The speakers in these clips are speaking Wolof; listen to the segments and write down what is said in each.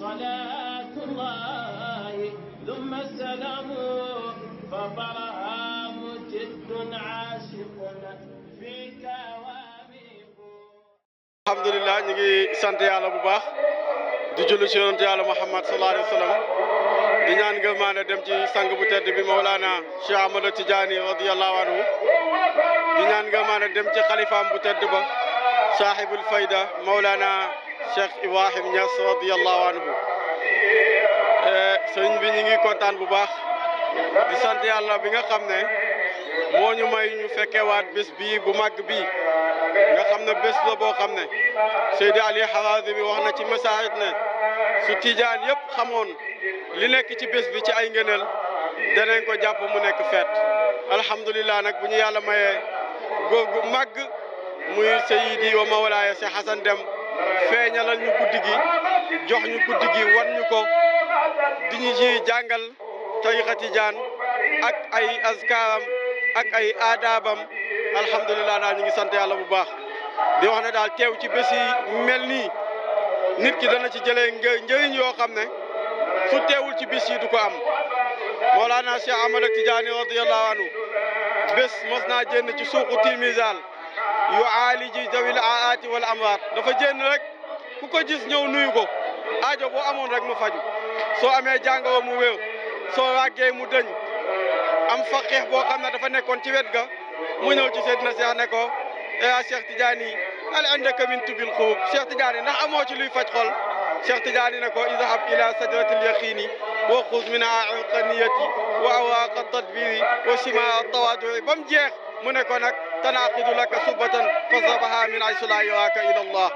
صلاة الله ثم السلام فطرها مجد عاشق فيك واميق الحمد لله ñu ngi sant yàlla bu baax di julli ci yonent yàlla Muhammad sallallahu alayhi wa sallam di ñaan ngërmaane dem ci sang bu tedd bi Mawlana Cheikh Ahmada Tidiane radiyallahu anhu di ñaan ngërmaane dem ci xalifaam bu tedd ba saahibul fayda Mawlana Cheikh Ibrahim Niass radiyallahu anhu eh, sëñ bi ñu ngi kontaan bu baax di sant yàlla bi nga xam ne moo ñu may ñu fekkewaat bés bii bu màgg bii nga xam ne bés la boo xam ne Seydi Ali Harazimi wax na ci message ne su tijaan yëpp xamoon li nekk ci bés bi ci ay ngëneel danañ ko jàpp mu nekk feet alhamdulilah nag bu ñu yàlla mayee góor gu màgg muy Seydi wa Mawlaaya si Xasan Dem feeñalal ñu guddi gi jox ñu guddi gi wan ñu ko di ñu ci jàngal tariqa ak ay askaaram ak ay aadaabam alhamdulilah daal ñu ngi sant yàlla bu baax di wax ne daal teew ci bés yi mel nii nit ki dana ci jële njëriñ yoo xam ne fu teewul ci bés yi du ko am Mawlana Cheikh Ahmad Tidiane radiyallahu anhu bés mos naa jënd ci suuqu Tilmisal yu aaliji jawil aati wal amwaat dafa jénn rek ku ko gis ñëw nuyu ko aajo boo amoon rek mu faju soo amee jàngoro mu wéew soo ràggee mu dëñ am faqih boo xam dafa nekkoon ci wet ga mu ñëw ci Seydina Cheikh ne ko eh, yaa Cheikh Tidiane yi al indaka min tubil xurub Cheikh Tidiane yi ndax amoo ci luy faj xol Cheikh Tidiane yi ne ko idhab ila sajratil yaqini wa xuz min a anqaniyati wa awaaqa tadbiri wa shima tawaaduri ba mu jeex mu ne ko nag tanaaqidu laka subatan fa sabaha min aysulaa a ila allah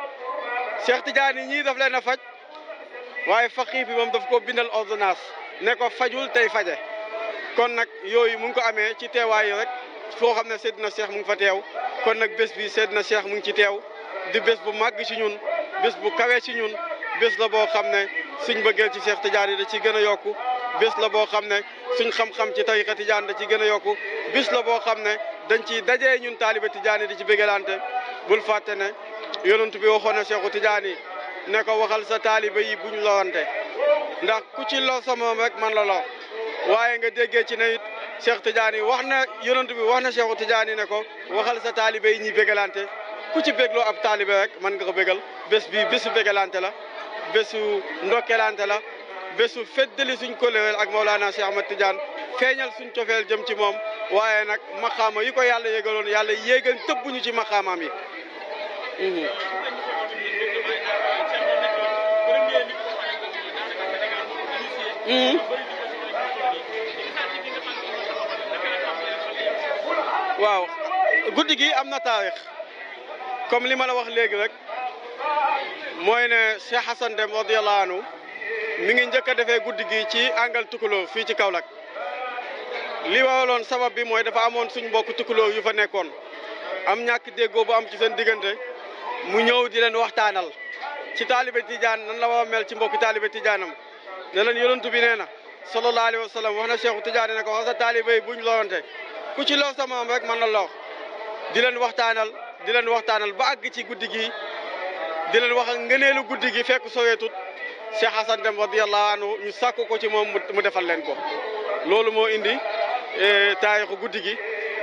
Cheikh Tidiane ñii daf leen a faj waaye faqih bi moom daf ko bindal ordonnance ne ko fajul tey faje kon nag yooyu mu ngi ko amee ci teewaayu rek foo xam ne Seydina Cheikh mu ngi fa teew kon nag bés bi Seydina Cheikh mu ngi ci teew di bés bu màgg ci ñun bés bu kawee ci ñun bés la boo xam ne suñ bëggeel ci Cheikh Tidiane da ci gën a yokku bés la boo xam ne suñ xam-xam ci tariqa Tidiane da ci gën a yokku bés la boo xam ne dañ ciy daje ñun taaliba tijaani di ci bégalante bul fàtte ne yonent bi waxoon na Seexu Tijaani ne ko waxal sa taaliba yi buñ lowante ndax ku ci lo sa moom rek man la lo waaye nga déggee ci ne it Seex Tijaani wax na yonent bi wax na Seexu Tijaani ne ko waxal sa taalibe yi ñuy bégalante ku ci bégloo ab taalibe rek mën nga ko bégal bés bi bésu bégalante la bésu ndokkelante la bésu feddali suñ kóllëre ak Mawlaana Seex Ahmad Tijaan feeñal suñ cofeel jëm ci moom waaye nag maxaama yi ko yàlla yégaloon yàlla yéegal tëbbuñu ci maxaamaam yi mhm. waaw guddi gi am na taarix comme li ma la wax léegi rek mooy ne Cheikh Hassan Deme radiyallahu ngi njëkk a defee guddi gi ci àngal tukulóor fii ci Kaolack li waraloon sabab bi mooy dafa amoon suñ mbokk tukkulóor yu fa nekkoon am ñàkk déggoo bu am ci seen diggante mu ñëw di leen waxtaanal ci taalibe tijaan nan la war mel ci mbokku taalibe tijaanam ne leen yonent bi nee na sallallahu alayhi wa sallam wax na cheikhu tijaani ne ko wax sa bu ñu buñ lorante ku ci lor sa maam rek mën na lor di leen waxtaanal di leen waxtaanal ba agg ci guddi gi di leen wax ak ngëneelu guddi gi fekk soreetut Cheikh Hassane Deme radiyallahu anhu ñu sàkk ko ci moom mu defal leen ko E, taarixu guddi gi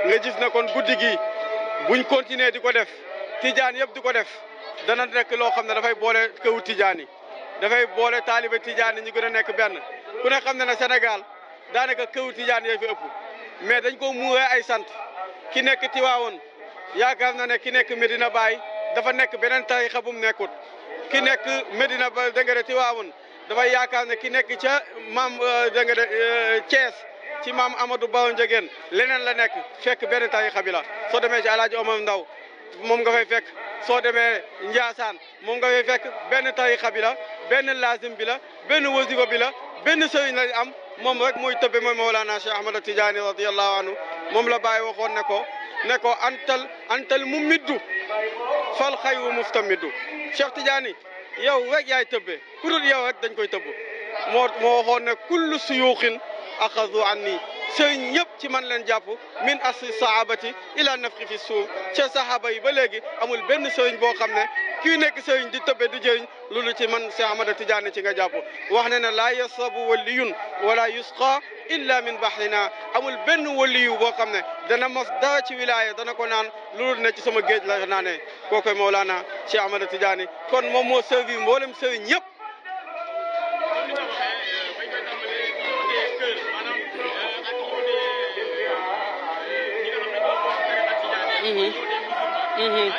nga gis na kon guddi gi guñ continuer di ko def tijaan yëpp di ko def dana nekk loo xam ne dafay boole këwu tijaan yi dafay boole taaliba tijaan yi ñu gën a nekk benn ku na xam na ne Sénégal daanaka këwu tijaan yee fi ëpp mais dañ ko muuree ay sant ki nekk Tiwaawoon yaakaar na ne ki nekk Medina Baye dafa nekk beneen tarixa bu mu nekkut ki nekk Medina ba dégg nga de Tiwaawoon dafay yaakaar ne ki nekk ca maam euh, dégg nga euh, ci maam Amadou Ba Ndiéguène leneen la nekk fekk benn tarixa bi la soo demee ci Alaaji Omar Ndaw moom nga fay fekk soo demee Njaasaan moom nga fay fekk benn tarixa bi la benn lazim bi la benn wasifa bi la benn sëriñ lañ am moom rek mooy tëbbe mooy Mawlana Cheikh Ahmada Tidiane radiyallahu anhu moom la bàyyi waxoon ne ko ne ko antal antal mu middu fal xayru muftamiddu Cheikh Tidiane yow rek yaay tëbbe ku dul yow rek dañ koy tëbb moo moo ne kullu suyuuxin axadu anni sëriñ ñëpp ci man leen jàpp min asri sahabati ila nafxi fi suuf ca sahaba yi ba léegi amul benn sëriñ boo xam ne kii nekk sëriñ di tëbbe di jëriñ loolu ci man Cheikh Ahmada Tidiane ci nga jàpp wax ne ne laa yasabu waliyun wala yusqa illa min bahrina amul benn waliyu boo xam ne dana mos dara ci wilaaya dana ko naan loolu ne ci sama géej la naanee kookoy Mawlana Cheikh Ahmada Tidiane kon moom moo servir mboolem sëriñ yëpp Mm-hmm. Mm-hmm.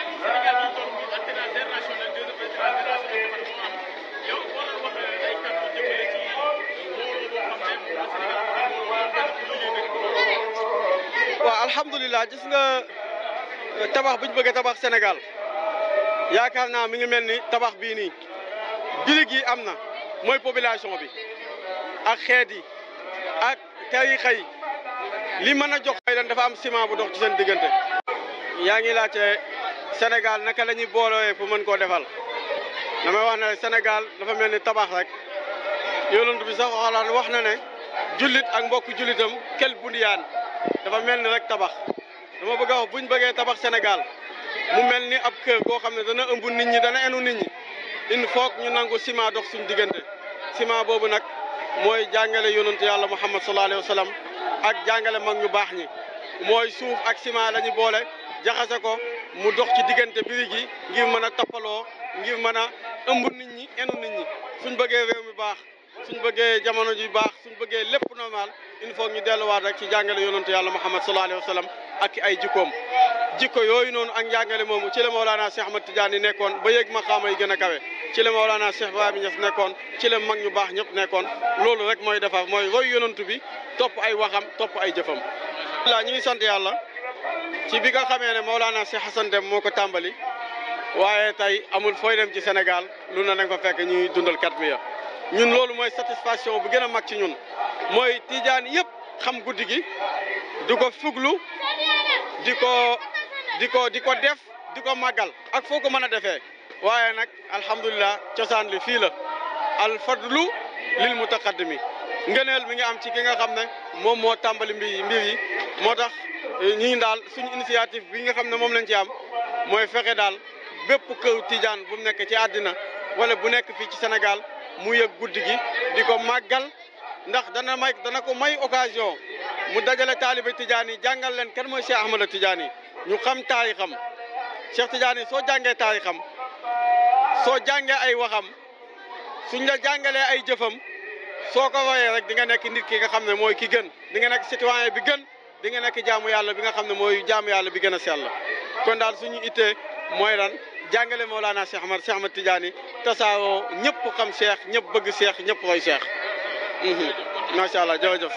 waaw alhamdulilah gis nga euh, tabax bi ñu tabax Sénégal yaakaar naa mi ngi mel ni tabax bii nii birig yi am na mooy population bi ak xeet yi ak tarixa yi li mën a jox ay lan dafa am ciment bu dox ci seen diggante yaa ngi laajte Sénégal naka la ñuy boolooyee pour mën koo defal damay wax ne Sénégal dafa mel ni tabax rek yonent bi sax xoolaan wax na ne jullit ak mbokk julitam kel bundiyaan dafa mel ni rek tabax dama bëgg a wax buñ bëggee tabax Sénégal mu mel ni ab kër goo xam ne dana ëmb nit ñi dana enu nit ñi il ñu nangu ciment dox suñu diggante ciment boobu nag mooy jàngale yonentu yàlla Muhammad sallallahu alayhi wa sallam ak jàngale mag ñu baax ñi mooy suuf ak ciment lañu boole jaxase ko mu dox ci diggante birig yi ngir mën a tappaloo ngir mën a ëmb nit ñi enu nit ñi suñ bëggee réew mi baax suñ bëggee jamono ji baax suñ bëggee lépp normal il faut ñu delluwaat rek ci jàngale yonantu yàlla Muhammad sallallahu alayhi wa sallam ak ay jikkoom jikko yooyu noonu ak njàngale moomu ci la Mawlana Cheikh Ahmad Tidiane nekkoon ba yéeg maqaama yi gën a kawe ci la Mawlana Cheikh Ibrahima Niass nekkoon ci la mag ñu baax ñëpp nekkoon loolu rek mooy defar mooy roy yonantu bi topp ay waxam topp ay jëfam. ci bi nga xamee ne Mawlana Cheikh Hassan Deme moo ko tàmbali waaye tey amul fooy dem ci Sénégal lu na nga fa fekk ñuy dundal Katmiya ñun loolu mooy satisfaction bu gën a mag ci ñun mooy tijaan yëpp xam guddi gi di ko fuglu di ko di ko di ko def di ko màggal ak foo ko mën a defee waaye nag alhamdulilah cosaan li fii la al fadlu lil mutaqaddimi ngëneel mi ngi am ci ki nga xam ne moom moo tàmbali mbir mbir yi moo tax eh, ñi daal suñu initiative bi nga xam ne moom lañ ci am mooy fexe daal bépp kër tijaan bu nekk ci àddina wala bu nekk fii ci senegal mu yëg guddi gi di ko màggal ndax dana may dana ko may occasion mu dajale taalibe tijaan yi jàngal leen kan mooy Cheikh Ahmada Tijaan yi ñu xam taarixam Cheikh Tijaan yi soo jàngee xam soo jàngee ay waxam suñ la jàngalee ay jëfam. soo ko royee rek di nga nekk nit ki nga xam ne mooy ki gën di nga nekk citoyen bi gën di nga nekk jaamu yàlla bi nga xam ne mooy jaamu yàlla bi gën a sell kon daal suñu ittee mooy lan jàngale Mawlana Cheikh Ahmad Cheikh Ahmad Tidiane tasaaroo ñëpp xam seex ñëpp bëgg Cheikh ñëpp roy Cheikh mhm. macha allah jërëjëf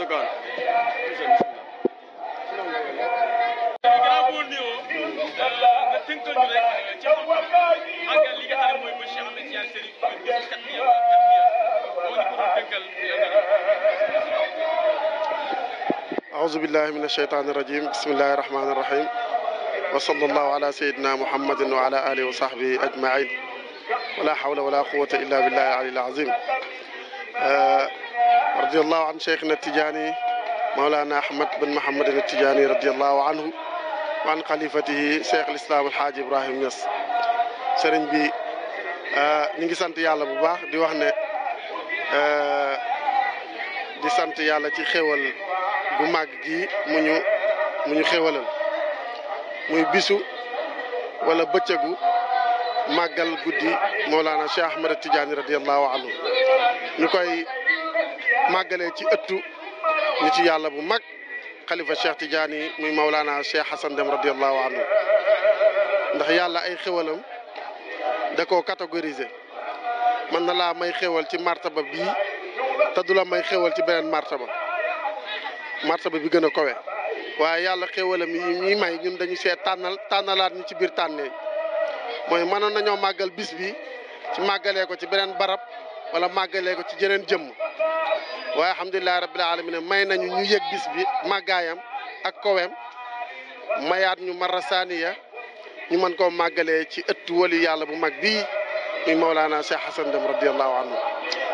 أعوذ بالله من الشيطان الرجيم بسم الله الرحمن الرحيم وصلى الله على سيدنا محمد وعلى آله وصحبه أجمعين ولا حول ولا قوة إلا بالله العلي العظيم رضي الله عن شيخنا التجاني مولانا أحمد بن محمد التجاني رضي الله عنه وعن خليفته شيخ الإسلام الحاج إبراهيم نياس sëriñ bi ñu ngi sant yàlla bu baax di wax ne Euh, di sant yàlla ci xéwal bu màgg gi mu ñu mu muy bisu wala bëccëgu màggal guddi Mawlana Cheikh Ahmed Tidiane radiyallahu anhu ñu koy màggalee ci ëttu ñu ci yàlla bu mag xalifa Cheikh Tidiane muy Mawlana Cheikh Hassan Deme radiyallahu anhu ndax yàlla ay xéwalam da koo mën na laa may xéewal ci martaba bii te du la may xéewal ci beneen martaba martaba bi gën a kowe waaye yàlla xéewalam yi ñuy may ñun dañu seet tànnal tànnalaat ñu ci biir tànnee mooy mënoon nañoo màggal bis bi ci màggalee ko ci beneen barab wala màggalee ko ci jeneen jëmm waaye alhamdulilahi rabbil alamin may nañu ñu yëg bis bi màggaayam ak koweem mayaat ñu marasaaniya ñu mën koo màggalee ci ëtt wali yàlla bu mag bii muy Maolana Cheikh Hassan Deme radiallahu anhu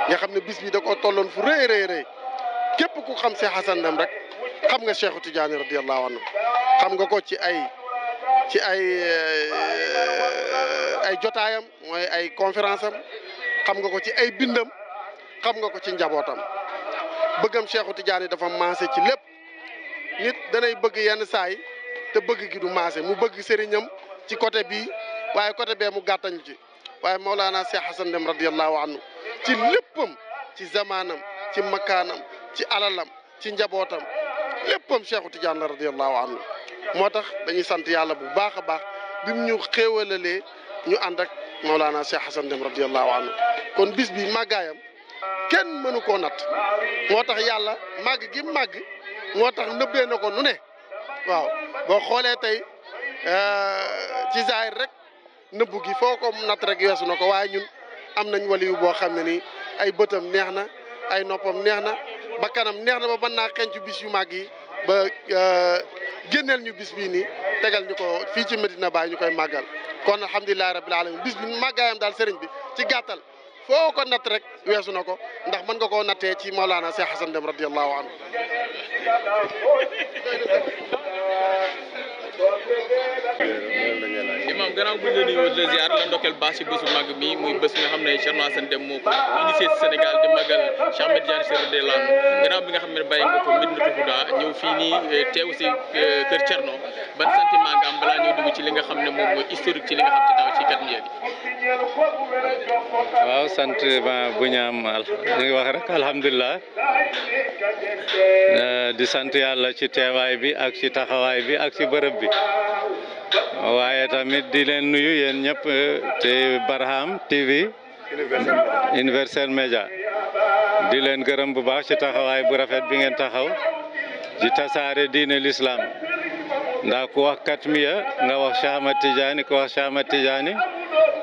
nga xam ne bis bi da tolloon fu rëy rëy képp ku xam Cheikh Hassan rek xam nga Cheikhu Tidiane radiallahu anhu xam nga ko ci ay ci ay eh, ay jotaayam mooy ay conférence am xam nga ko ci ay bindam xam nga ko ci njabootam bëggam Cheikhu Tidiane dafa maase ci lépp nit danay bëgg yenn saay te bëgg gi du maase mu bëgg sëriñam ci côté bii waaye côté bee mu gàttañ ci waaye Mawlana Cheikh Hassan Deme radiyallahu anhu ci léppam ci zamaanam ci makaanam ci alalam ci njabootam léppam Cheikhu Tidiane la radiyallahu anhu moo tax dañuy sant yàlla bu baax a baax bi mu ñu xéewalalee ñu ànd ak Mawlana Cheikh Hassan Deme radiyallahu anhu kon bis bi màggaayam kenn mënu koo natt moo tax yàlla màgg gi màgg moo tax nëbbee na ko nu ne waaw boo xoolee tey euh, ci zaahir rek. nëbbu gi foo ko natt rek weesu na ko waaye ñun am nañ waliyu boo xam ne nii ay bëtam neex na ay noppam neex na ba kanam neex na ba mën naa ci bis yu mag yi ba euh, génneel ñu bis bii nii tegal ñu ko fii ci Medina ba ñu koy màggal kon alhamdulilahi rabbil alamin bis bi màggaayam daal sëriñ bi ci gàttal foo ko natt rek weesu na ko ndax mën nga ko nattee ci Maulana Cheikh Hassan Deme radiyallahu anhu imaam gannaaw bu ñu la nuyoo de ziar la ndokkeel ne Thierno Assane Dème moo ko initié di magal Cheikh bi nga xam ne bàyyi nga ko Médinatoul Houda ñëw fii nii eh, teew si eh, ban sentiment nga dugg ci li nga xam ne moom mooy ci li xam ci taw ci kat bi. waaw sant ba bu ñu ngi wax alhamdulilah eh, di sant yàlla ci teewaay bi ak ci taxawaay bi ak ci bërëb bi. waaye tamit di leen nuyu yéen ñëpp te eh, Barham TV Universel Media di leen gërëm bu baax ci taxawaay bu rafet bi ngeen taxaw ci tasaare diine l'islam ndax ku wax katmiya nga wax Cheikh Ahmad ku wax Cheikh Ahmad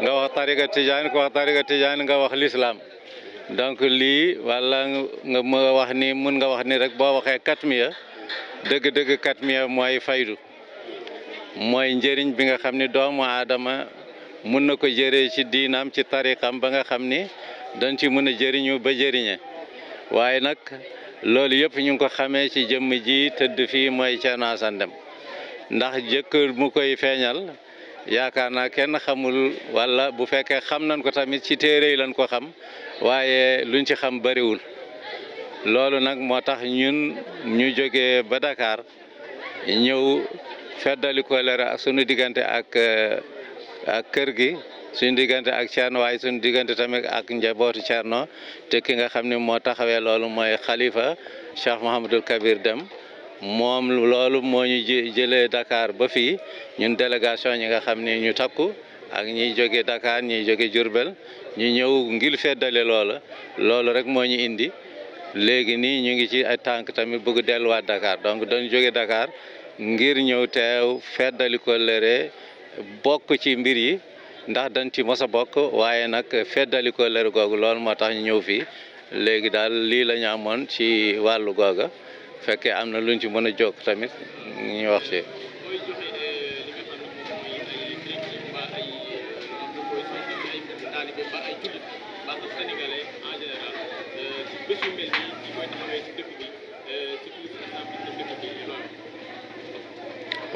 nga wax tariqa Tidiane ku wax tariqa Tidiane nga wax l'islam donc lii wala nga ma wax ni mun nga wax ni rek boo waxee katmiya dëgg-dëgg katmiya mooy faydu mooy njëriñ bi nga xam ni doomu aadama mun na ko jëree ci diinaam ci tariqam ba nga xam ni dañ ci mën a jëriñu ba jëriñe waaye nag loolu yëpp ñu ngi ko xamee ci jëmm ji tëdd fii mooy Thierno Assane ndax jëkk mu koy feeñal yaakaar na kenn xamul walla bu fekkee xam nañ ko tamit ci téere yi lañ ko xam waaye luñ ci xam bariwul loolu nag moo tax ñun ñu jógee ba Dakar ñëw feddali koleere ak suñu diggante ak eh, ak kër gi suñu diggante ak Thierno waaye suñu diggante tamit ak njabootu Thierno te ki nga xam ne moo taxawee loolu mooy xalifa Cheikh Mouhamadul Kabir Dem moom loolu moo ñu jëlee Dakar ba fii ñun délégation ñi nga xam ni ñu takku ak ñiy jóge dakaar ñu jóge Jurbel ñu ñëw ngir feddale loola loolu rek moo ñu indi léegi nii ñu ngi ci ay tànk tamit bëgg delluwaat dakaar donc dañu jóge Dakar ngir ñëw teew feddali kóllëre bokk ci mbir yi ndax dañ ci mos a bokk waaye nag feddali kóllëre googu loolu moo tax ñu ñëw fii léegi daal lii la ñu amoon ci wàllu googa fekkee am na luñ ci mën a jóg tamit ñu wax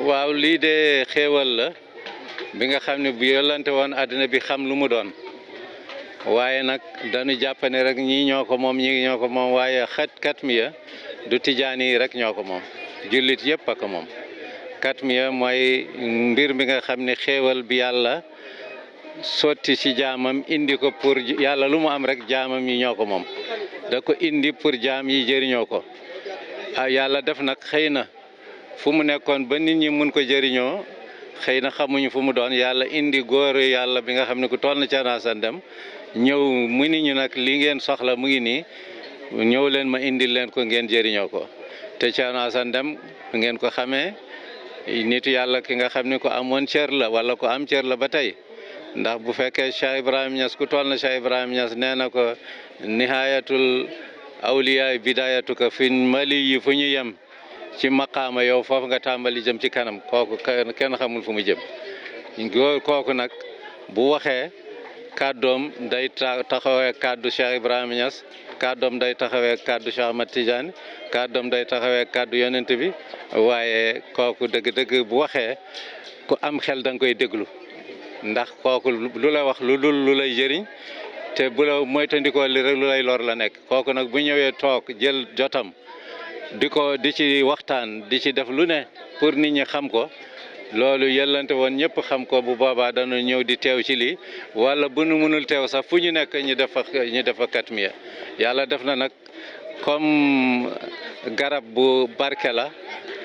waaw lii de xéewal la bi nga xam ne bu yolante woon àddina bi xam lu mu doon waaye nag dañu jàppane rek ñii ñoo ko moom ñi ñoo ko moom waaye xat katmiya du tijaan yi rek ñoo ko moom jullit yëpp a ko moom katmiya mooy mbir mi nga xam ne xéewal bi yàlla sotti ci jaamam indi ko pour yàlla lu mu am rek jaamam yi ñoo ko moom da ko indi pour jaam yi jariñoo ko ah, yàlla def nag xëy na fu mu nekkoon ba nit ñi mun ko jëriñoo xëy na xamuñu fu mu doon yàlla indi góor yàlla bi nga xam ne ku toll na Thierno Assane Deme ñëw mu ni ñi nag li ngeen soxla mu ngi nii ñëw leen ma indil leen ko ngeen jëriñoo ko te Thierno Assane Deme ngeen ko xamee nit yàlla ki nga xam ne ko amoon cër la wala ko am cër la ba tey ndax bu fekkee Cheikh Ibrahim Niass ku toll na Cheikh Ibrahim Niass nee na ko nihayatul awliyaay bidayatu ko fi mali yi fu ñu yem ci maqaama yow foofu nga tàmbali jëm ci kanam kooku kenn xamul fu mu jëm kooku nag bu waxee kàddoom day taxawee kàddu Cheikh Ibrahima Niass kàddoom day taxawee kàddu Cheikh Ahmad Tidiane kàddoom day taxawee kàddu yonent bi waaye kooku dëgg-dëgg bu waxee ku am xel dang koy déglu ndax kooku lu la wax lu dul lay jëriñ te bu la moytandikoo li rek lu lay loor la nekk kooku nag bu ñëwee took jël jotam di ko di ci waxtaan di ci def lu ne pour nit ñi xam ko loolu yellante woon ñëpp xam ko bu boobaa danu ñëw di teew ci lii wala bu nu mënul teew sax fu ñu nekk ñu def fa ñu def fa katmiya yàlla def na nag comme garab bu barke la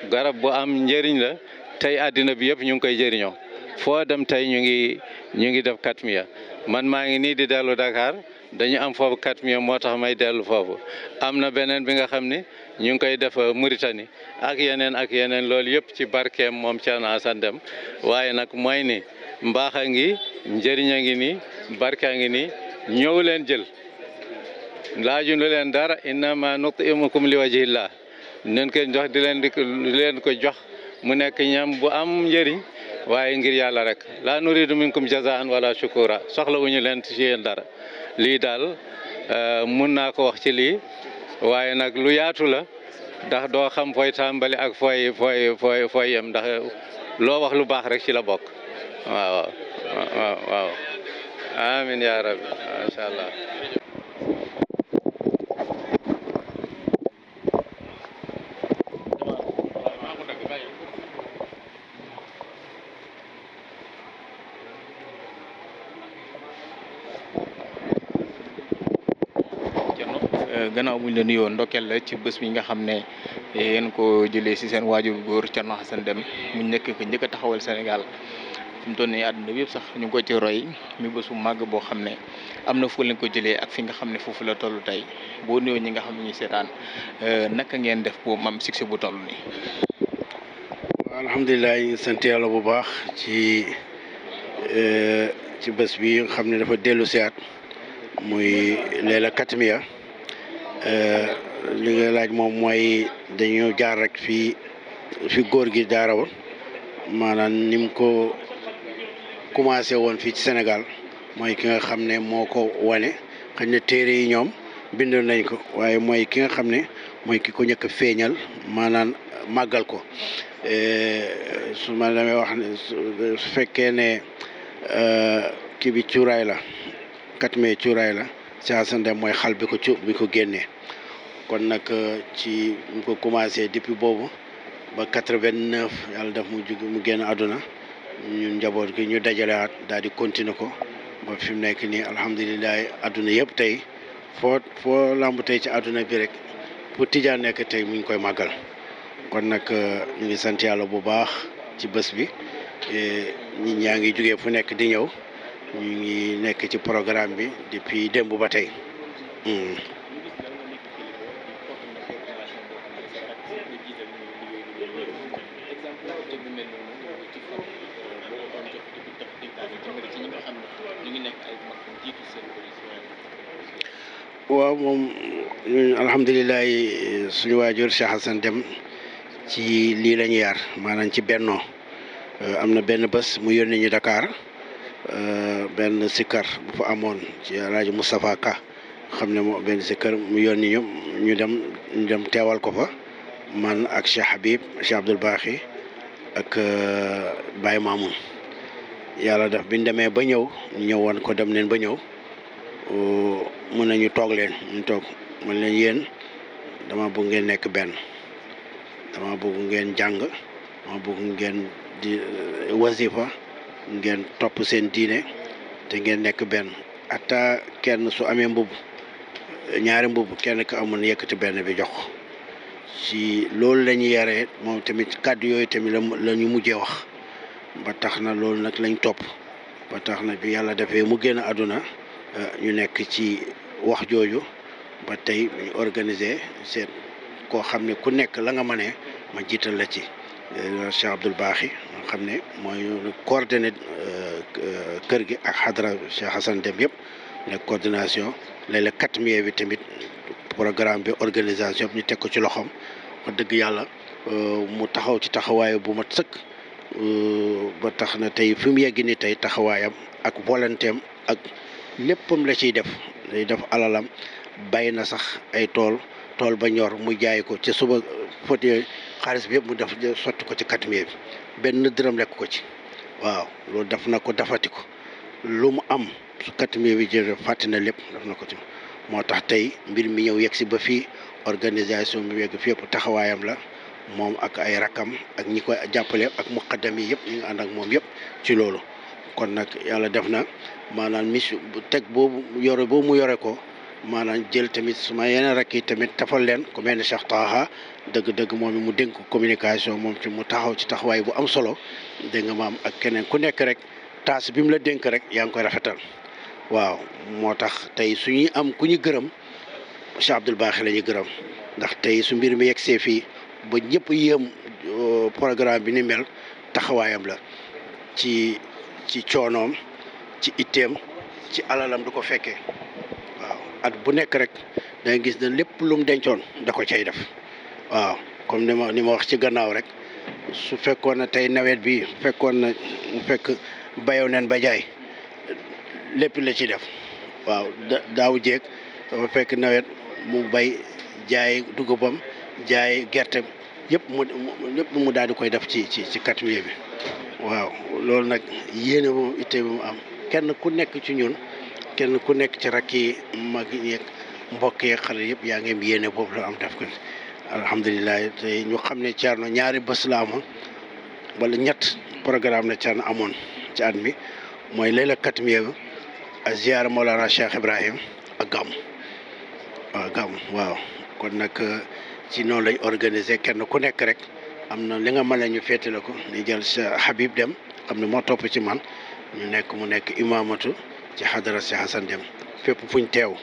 garab bu am njëriñ la tey àddina bi yëpp ñu ngi koy jëriñoo foo dem tey ñu ngi ñu ngi def katmiya man maa ngi nii di dellu dakaar dañu am foofu katmiya moo tax may dellu foofu am na beneen bi nga xam ni ñu ngi koy def euh, Mauritanie ak yeneen ak yeneen loolu yëpp ci barkeem moom Thierno Assane waaye nag mooy ni mbaax a ngi njëriñ a ngi nii barke a ngi nii ñëw leen jël laajunu leen dara innama nutimukum li wajhillah leen koy jox di leen di leen ko jox mu nekk ñam bu am njëriñ waaye ngir yàlla rek laa nuridu minkum jazaan wala shukura soxla wuñu leen ci yéen dara lii daal euh, mun naa ko wax ci lii waaye nag lu yaatu la ndax doo xam fooy tàmbali ak fooy fooy fooy yem ndax loo wax lu baax rek ci la bokk waaw waaw waaw amiin yaa rabbi macha allah gannaaw buñ la nuyoo ndokkeel la ci bés bi nga xam ne eh, yéen koo jëlee si seen waajur góor Thierno Hassane Dème mu nekk ko njëkk a taxawal Sénégal fi mu toll nii àdduna bi yëpp sax ñu ngi ko ci roy mu bésu màgg boo xam ne am na fu leen ko jëlee ak fi nga xam ne foofu la toll tey boo nuyoo ñi nga xam ne ñu seetaan eh, naka ngeen def boo mam succès bu toll nii. alhamdulilah ñu ngi sant yàlla bu baax ci eh, ci bés bi xam ne dafa dellu si at muy leela katmiya Euh, li nga laaj moom mooy dañu jaar rek fii fi góor gi jaara woon maanaam nim ko commencé woon fii ci Sénégal mooy ki nga xam ne moo ko wane xëy na téere yi ñoom bindoon nañ ko waaye mooy ki nga xam ne mooy ki ko njëkk a feeñal maanaan màggal ko euh, su ma demee wax ne su fekkee ne euh, kii bi cuuraay la kat mee cuuraay la séance dem mooy xal bi ko ci bi ko génnee kon nag euh, ci mu ko commencé depuis boobu ba quatre-vingt-neuf yàlla def mu jug mu génn àdduna ñun njaboot gi ñu dajalewaat daal di continuer ko ba fi mu nekk nii alhamdulilah àdduna yëpp tey foo foo làmb tey ci àdduna bi rek pour tijaan nekk tey mu ngi koy màggal kon nag euh, ñu ngi sant yàlla bu baax ci bës bi nit ñaa ngi jugee fu nekk di ñëw. ñu ngi nekk ci programme bi depuis démb ba tey. Hmm. waaw moom ñun suñu waajur Cheikh seen dem ci lii lañu yar maanaam ci bennoo euh, am na benn bés mu yónni ñu Dakar. Euh, benn sikkar bu fa amoon ci rajo mustafaaka xam ne moo benn sikkar mu yónni ñu ñu dem ñu teewal ko fa man ak Cheikh Habib Cheikh Abdoul Baaxi ak euh, Baye Mamoun yàlla def bi biñ demee ba ñëw ñëw wan ko dem neen ba ñëw mun nañu toog leen ñu toog mën leen yéen dama bëgg ngeen nekk benn dama bëgg ngeen jàng dama bëgg ngeen di euh, wasifa ngeen topp seen diine te ngeen nekk benn ata kenn su amee mbubb ñaari mbubb kenn ku amoon yëkkati benn bi jox ko si loolu lañu ñu moom tamit kàddu yooyu tamit la ñu mujjee wax ba tax na loolu nag lañ topp ba tax na bi yàlla defee mu génn àdduna euh, ñu nekk ci wax jooju ba tey ñu organiser seen koo xam ne ku nekk la nga ma ne ma jiital la ci euh, Cheikh Abdoul Baaxi xam ne mooy coordonné euh, kër gi ak xadra Cheikh Hassan Deme yëpp nekk coordination léeg-léeg katmiye bi tamit programme bi organisation bi ñu teg ko ci loxoom wax dëgg yàlla euh, mu taxaw ci taxawaayu bu mat sëkk euh, ba tax na tey fi mu yegg ni tey taxawaayam ak volontéem ak léppam la ciy def day def alalam bay na sax ay tool tool ba ñor mu jaay ko ci suba fët xaalis bi yëpp mu def sotti ko ci katmiya bi benn dërëm lekk ko ci waaw loolu daf na ko dafati ko lu mu am su katmiya bi jël fàtte na lépp daf na ko ci moo tax tey mbir mi ñëw yegg si ba fii organisation bi yegg fi yëpp taxawaayam la moom ak ay rakkam ak ñi koy jàppale ak muqaddam yi yëpp ñu ngi ànd ak moom yëpp ci loolu kon nag yàlla def na maanaam mission bu teg boobu yore boobu mu yore ko maanaam jël tamit su ma yeneen rakk yi tamit tafal leen ku mel ni Cheikh Taha dëgg-dëgg moom mu dénk communication moom ci mu taxaw ci taxawaay bu am solo dégg nga maam ak keneen ku nekk rek taas bi mu la dénk rek yaa ngi koy rafetal waaw moo tax tey su ñuy am ku ñu gërëm Cheikh Abdoul Baaxi la ñuy gërëm ndax tey su mbir mi see fii ba ñëpp yéem euh, programme bi ni mel taxawaayam la ci ci coonoom ci itteem ci alalam du ko fekkee. at bu nekk rek day gis ne lépp lum dencoon da ko cay def waaw comme ni ma ni ma wax ci gannaaw rek su fekkoon na tey nawet bi fekkoon na mu fekk bayoon neen ba jaay lépp la ci def waaw daaw jéeg dafa fekk nawet mu bay jaay dugubam jaay gerte yëpp mu lépp mu daal di koy def ci ci ci quatre bi waaw loolu nag yéene moom itte bi mu am kenn ku nekk ci ñun kenn ku nekk ci rakk yi mag yeeg mbokk yeeg xale yëpp yaa ngi am yéene boobu la am def ko alhamdulilah te ñu xam ne Thierno ñaari bés la amoon wala ñett programme la Thierno amoon ci at mi mooy layla katmiya ak ziar Mawlana Cheikh Ibrahim ak gàmm waaw gàmm waaw kon nag ci noonu lañ organiser kenn ku nekk rek am na li nga mën ñu féetale ko ñu jël sa Habib dem xam ne moo topp ci man ñu nekk mu nekk imaamatu ci xadara si Xasan Dem fépp fuñ teew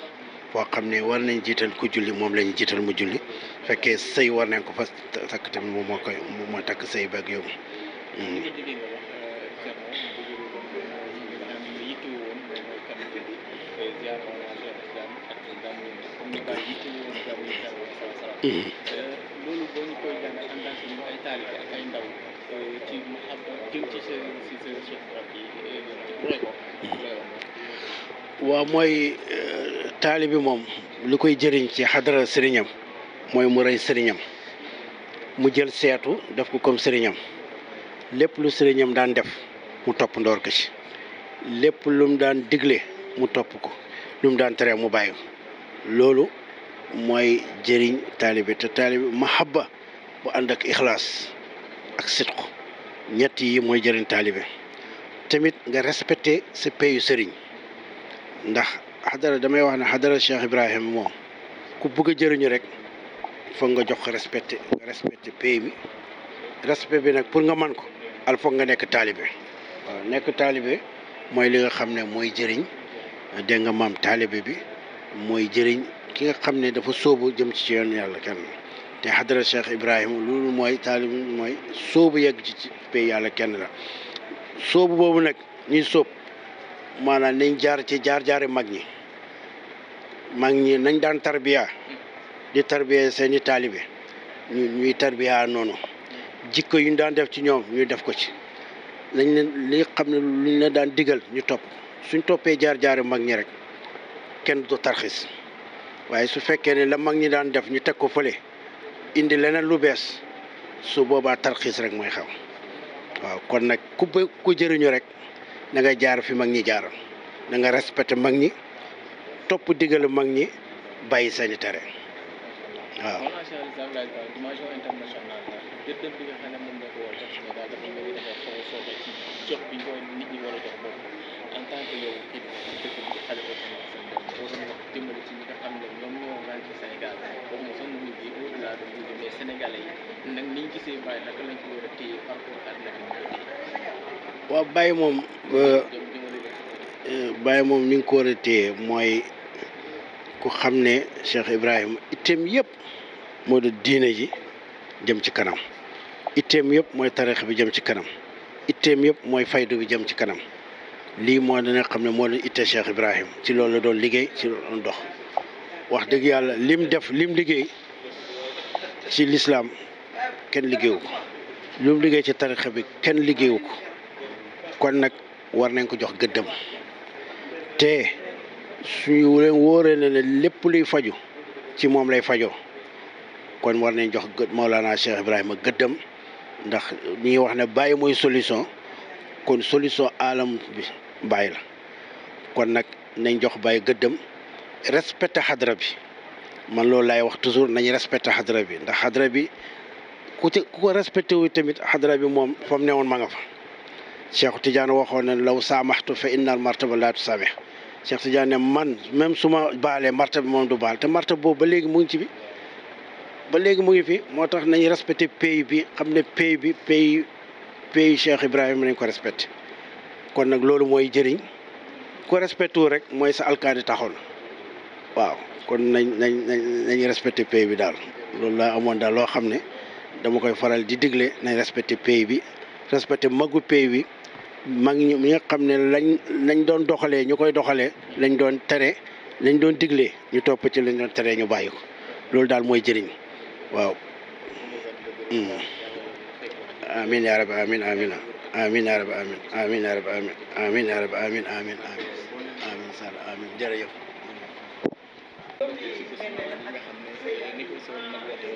foo xam ne war nañ jiital ku julli moom lañ jiital mu julli fekkee sëy war nañ ko fa takk tamit moom moo koy moom moo takk sëy beeg yóbbu. waaw mooy euh, taalibi moom lu koy jëriñ ci xadara sëriñam mooy mu rey sëriñam mu jël seetu def ko comme sëriñam lépp lu sëriñam daan def mu topp ndoor ko ci lépp lum daan digle mu topp ko lu daan tere mu bàyyi loolu mooy jëriñ taalibi te taalibi mahabba bu ànd ak ixlaas ak sidq ñetti yi mooy jëriñ taalibi tamit nga respecté sa peyu sëriñ ndax xadara damay wax ne xadara Cheikh Ibrahim moom ku bëgg a jëriñu rek foog nga jox ko respecté respecté pays bi respect bi nag pour nga man ko al foog nga nekk taalibe waaw nekk taalibe mooy li nga xam ne mooy jëriñ dégg nga maam taalibe bi mooy jëriñ ki nga xam ne dafa sóobu jëm ci yoon yàlla kenn te xadara Cheikh Ibrahim loolu mooy taalib mooy sóobu yegg ci pays yàlla kenn la sóobu boobu nag ñuy sóob maanaam nañ jaar ci jaar-jaari mag ñi mag ñi nañ daan tarbiya di tarbiya seeni i ñuy tarbiya noonu jikko yu ñu daan def ci ñoom ñuy def ko ci nañ leen li xam ne luñ la daan diggal ñu topp suñ toppee jaar-jaari mag ñi rek kenn du tarxis waaye su fekkee ne la mag ñi daan def ñu teg ko fële indi leneen lu bees su boobaa tarxiis rek mooy xaw waaw kon nag ku ku jëriñu rek da nga jaar fi mag ñi jaaroon da nga mag ñi topp digalu mag ñi bàyyi seeni tere waaw. waaw bàyyi moom euh, euh, bàyyi moom ni ko war mooy ku xam ne Cheikh Ibrahima itteem yëpp moo di diine ji jëm ci kanam itteem yëpp mooy tarix bi jëm ci kanam itteem yëpp mooy faydu bi jëm ci kanam lii moo dina xam ne moo doon itte Cheikh Ibrahima ci loolu la doon liggéey ci loolu dox wax dëgg yàlla lim def lim liggéey ci lislaam kenn liggéeyu ko lim liggéey ci tarixa bi kenn liggéeyu ko kon nag war nañ ko jox gëddam te suñu leen wóoree ne ne lépp luy faju ci moom lay fajoo kon war nañ jox moo gë Mawlana Cheikh Ibrahima gëddëm ndax ñuy wax ne bàyyi mooy solution kon solution alam bi bàyyi la kon nag nañ jox bàyyi gëddëm respecté xadra bi man loolu lay wax toujours nañ respecté xadra bi ndax xadra bi ku ci ku ko respecté tamit xadra bi moom fa ne woon ma nga fa Cheikh Tidiane waxoon ne law saamaxtu fa innal martaba laa tusaamix Cheikh Tidiane ne man même su ma baalee martaba bi moom du baal te martaba boobu ba léegi mu ngi ci bi ba léegi mu ngi fi moo tax nañu respecté pays bi xam ne pays bi pays pays ibrahim Ibrahima nañ ko respecté kon nag loolu mooy jëriñ ko wu rek mooy sa alkaani taxoon waaw kon nañ nañ nañ nañ respecté pays bi daal loolu laa amoon daal loo xam ne dama koy faral di digle nañ respecté pays bi respecté magu pays bi mag ñi nga xam ne lañ lañ doon doxalee ñu koy doxalee lañ doon tere lañ doon diglee ñu topp ci lañ doon tere ñu bàyyi ko loolu daal mooy jëriñ waaw hmm. amin yaa rabbi amin amin amin yaa rabbi yaa rabbi yaa rabbi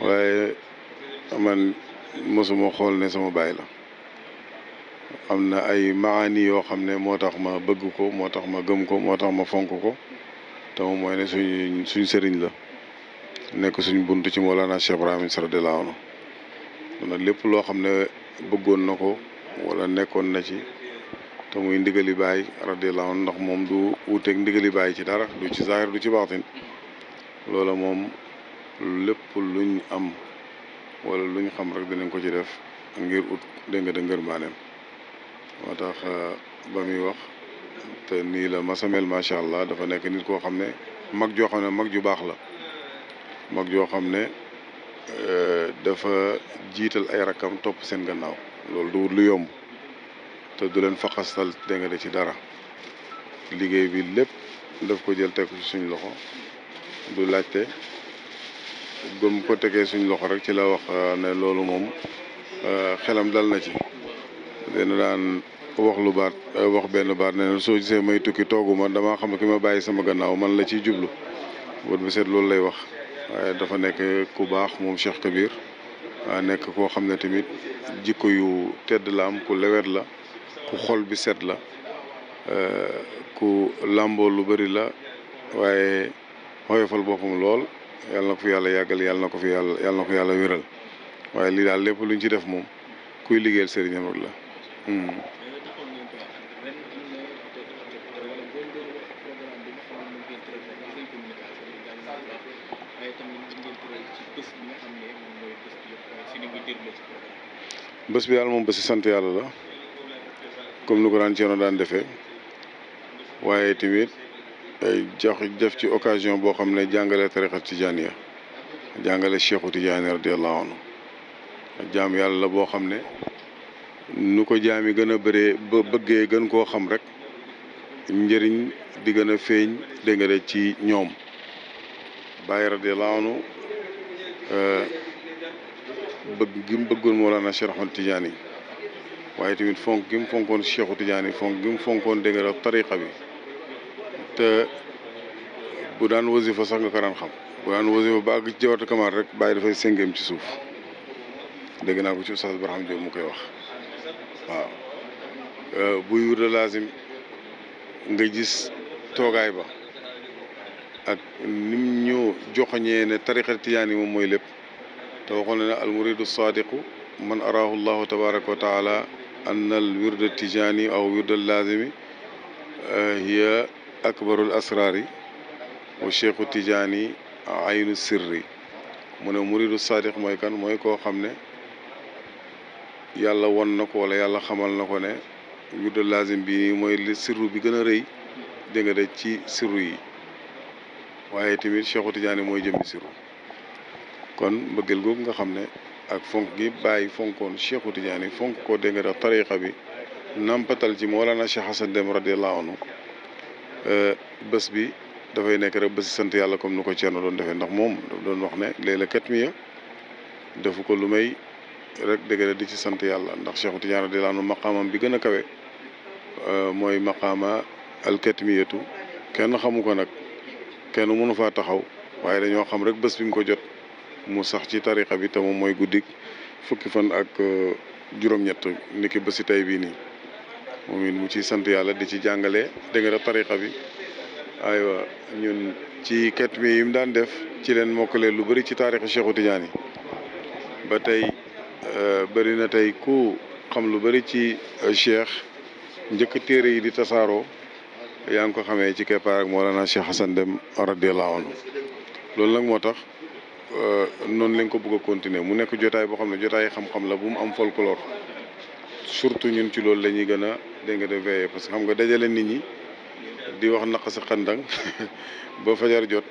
waaye man mosuma xool ne sama baay la am na ay maani yoo xam ne moo tax ma bëgg ko moo tax ma gëm ko moo tax ma fonk ko te moom mooy ne suñ suñ sëriñ la nekk suñ bunt ci Mawlana Cheikh Ibrahim radiyallahu anhu na lépp loo xam ne bëggoon na ko wala nekkoon na ci te muy ndigali baay radiyallahu anhu ndax moom du wuuteeg ndigali baay ci dara du ci zahir du ci baatin loola moom lépp lu ñu am wala ñu xam rek dinañ ko ci def ngir ut dégg nga de ngërmaaneem moo tax euh, ba muy wax te nii la masamel macha allah dafa nekk nit koo xam ne mag joo xam ne mag ju baax la mag joo xam ne euh, dafa jiital ay rakkam topp seen gannaaw loolu du wut lu yomb te du leen faxasal dégg de ci dara liggéey bi lépp daf ko jël teg ci suñ loxo du laajte ba ko tegee suñ loxo rek ci la wax euh, ne loolu moom euh, xelam dal na ci dina daan wax lu baat euh, wax benn baat nee soo gisee may tukki tooguma damaa xam ne ki ma bàyyi sama gannaaw man la ciy jublu bët bi set loolu lay wax waaye dafa nekk ku baax moom Cheikh Kabir nekk koo xam ne tamit jikko yu tedd la am ku lewet la ku xol bi set la ku làmboo lu bari la waaye xoyofal boppam lool yàlla na ko fi yàlla yàggal yàlla na ko fi yàlla yàlla ko yàlla wéral waaye lii daal lépp luñ ci def moom kuy liggéeyal sëriñam rek la. Hmm. bés bi daal moom bési sant yàlla la comme ni ko daan ci daan defee waaye tamit. jox def ci occasion boo xam ne jàngale tarixa ya jàngale cheikhu tijaani radiallahu anhu jaam yàlla boo xam ne nu ko jaam gën a bare ba bëggee gën koo xam rek njëriñ di gën a feeñ dégg ci ñoom bàyyi radiallahu anhu eh, bëgg gi mu bëggoon Mawlana Cheikh Ahmad Tidiane waaye tamit fonk gi mu fonkoon Cheikhu Tidiane fonk gi mu fonkoon dégg nga bi te bu daan wasifa sax nga ko daan xam bu daan wasifa ba àgg ci jawarte rek bàyyi dafay séngeem ci suuf dégg naa ko ci oustaz Barham Diop mu koy wax euh, buy wut a laasim nga gis ba ak nim ñu joxoñee ne tariqa tijaan yi moom mooy lépp te waxoon na ne almuridu sadiqu man arahu llahu tabaraka wa taala anna al wirda tijaani aw wirda laazimi euh, hiya akbarul asraari wa cheikhu tijaani aynu sirri mu ne muridu saadiq mooy kan mooy koo xam ne yàlla won na ko wala yàlla xamal na ko ne wirdu lazim bi mooy li sirru bi gën a rëy dégg de ci sirru yi waaye tamit cheikhu tijaani mooy jëmmi sirru kon mbëggeel googu nga xam ne ak fonk gi bàyyi fonkoon cheikhu tijaani fonk ko dégg nga de tariqa bi nampatal ci na cheikh hasan dem radiallahu Euh, bés bi dafay nekk rek bési sant yàlla comme ni ko Thierno doon defee ndax moom daf doon wax ne léeg-la kat mi defu ko lu may rek dëgg di ci sant yàlla ndax Cheikh Tidiane radiyallaahu anhu maqaamam bi gën a kawe euh, mooy maqaama alkatmiyatu kenn xamu ko nag kenn mënu faa taxaw waaye dañoo xam rek bés bi mu ko jot mu sax ci tarixa bi te moom mooy guddik fukki fan ak euh, juróom-ñett niki bési tey bii nii. moom it mu ciy sant yàlla di ci jàngale dégg nga tariqa bi aywa ñun ci ket mi yi mu daan def ci leen mokk mokkale lu bari ci taarixu Cheikhu Tidiane yi ba tey euh, bëri na tey ku xam lu bari ci euh, cheikh njëkk téere yi di tasaaroo yaa ngi ko xamee ci keppaar ak Mawlana Cheikh dem Deme radiyallahu anhu loolu nag moo tax euh, noonu lañ ko bëgg a mu nekk jotaay boo xam ne jotaay xam-xam la bu mu am folklore surtout ñun ci loolu la ñuy gën a dégg nga de parce que xam nga dajale nit ñi di wax naq sa xandang ba fajar jot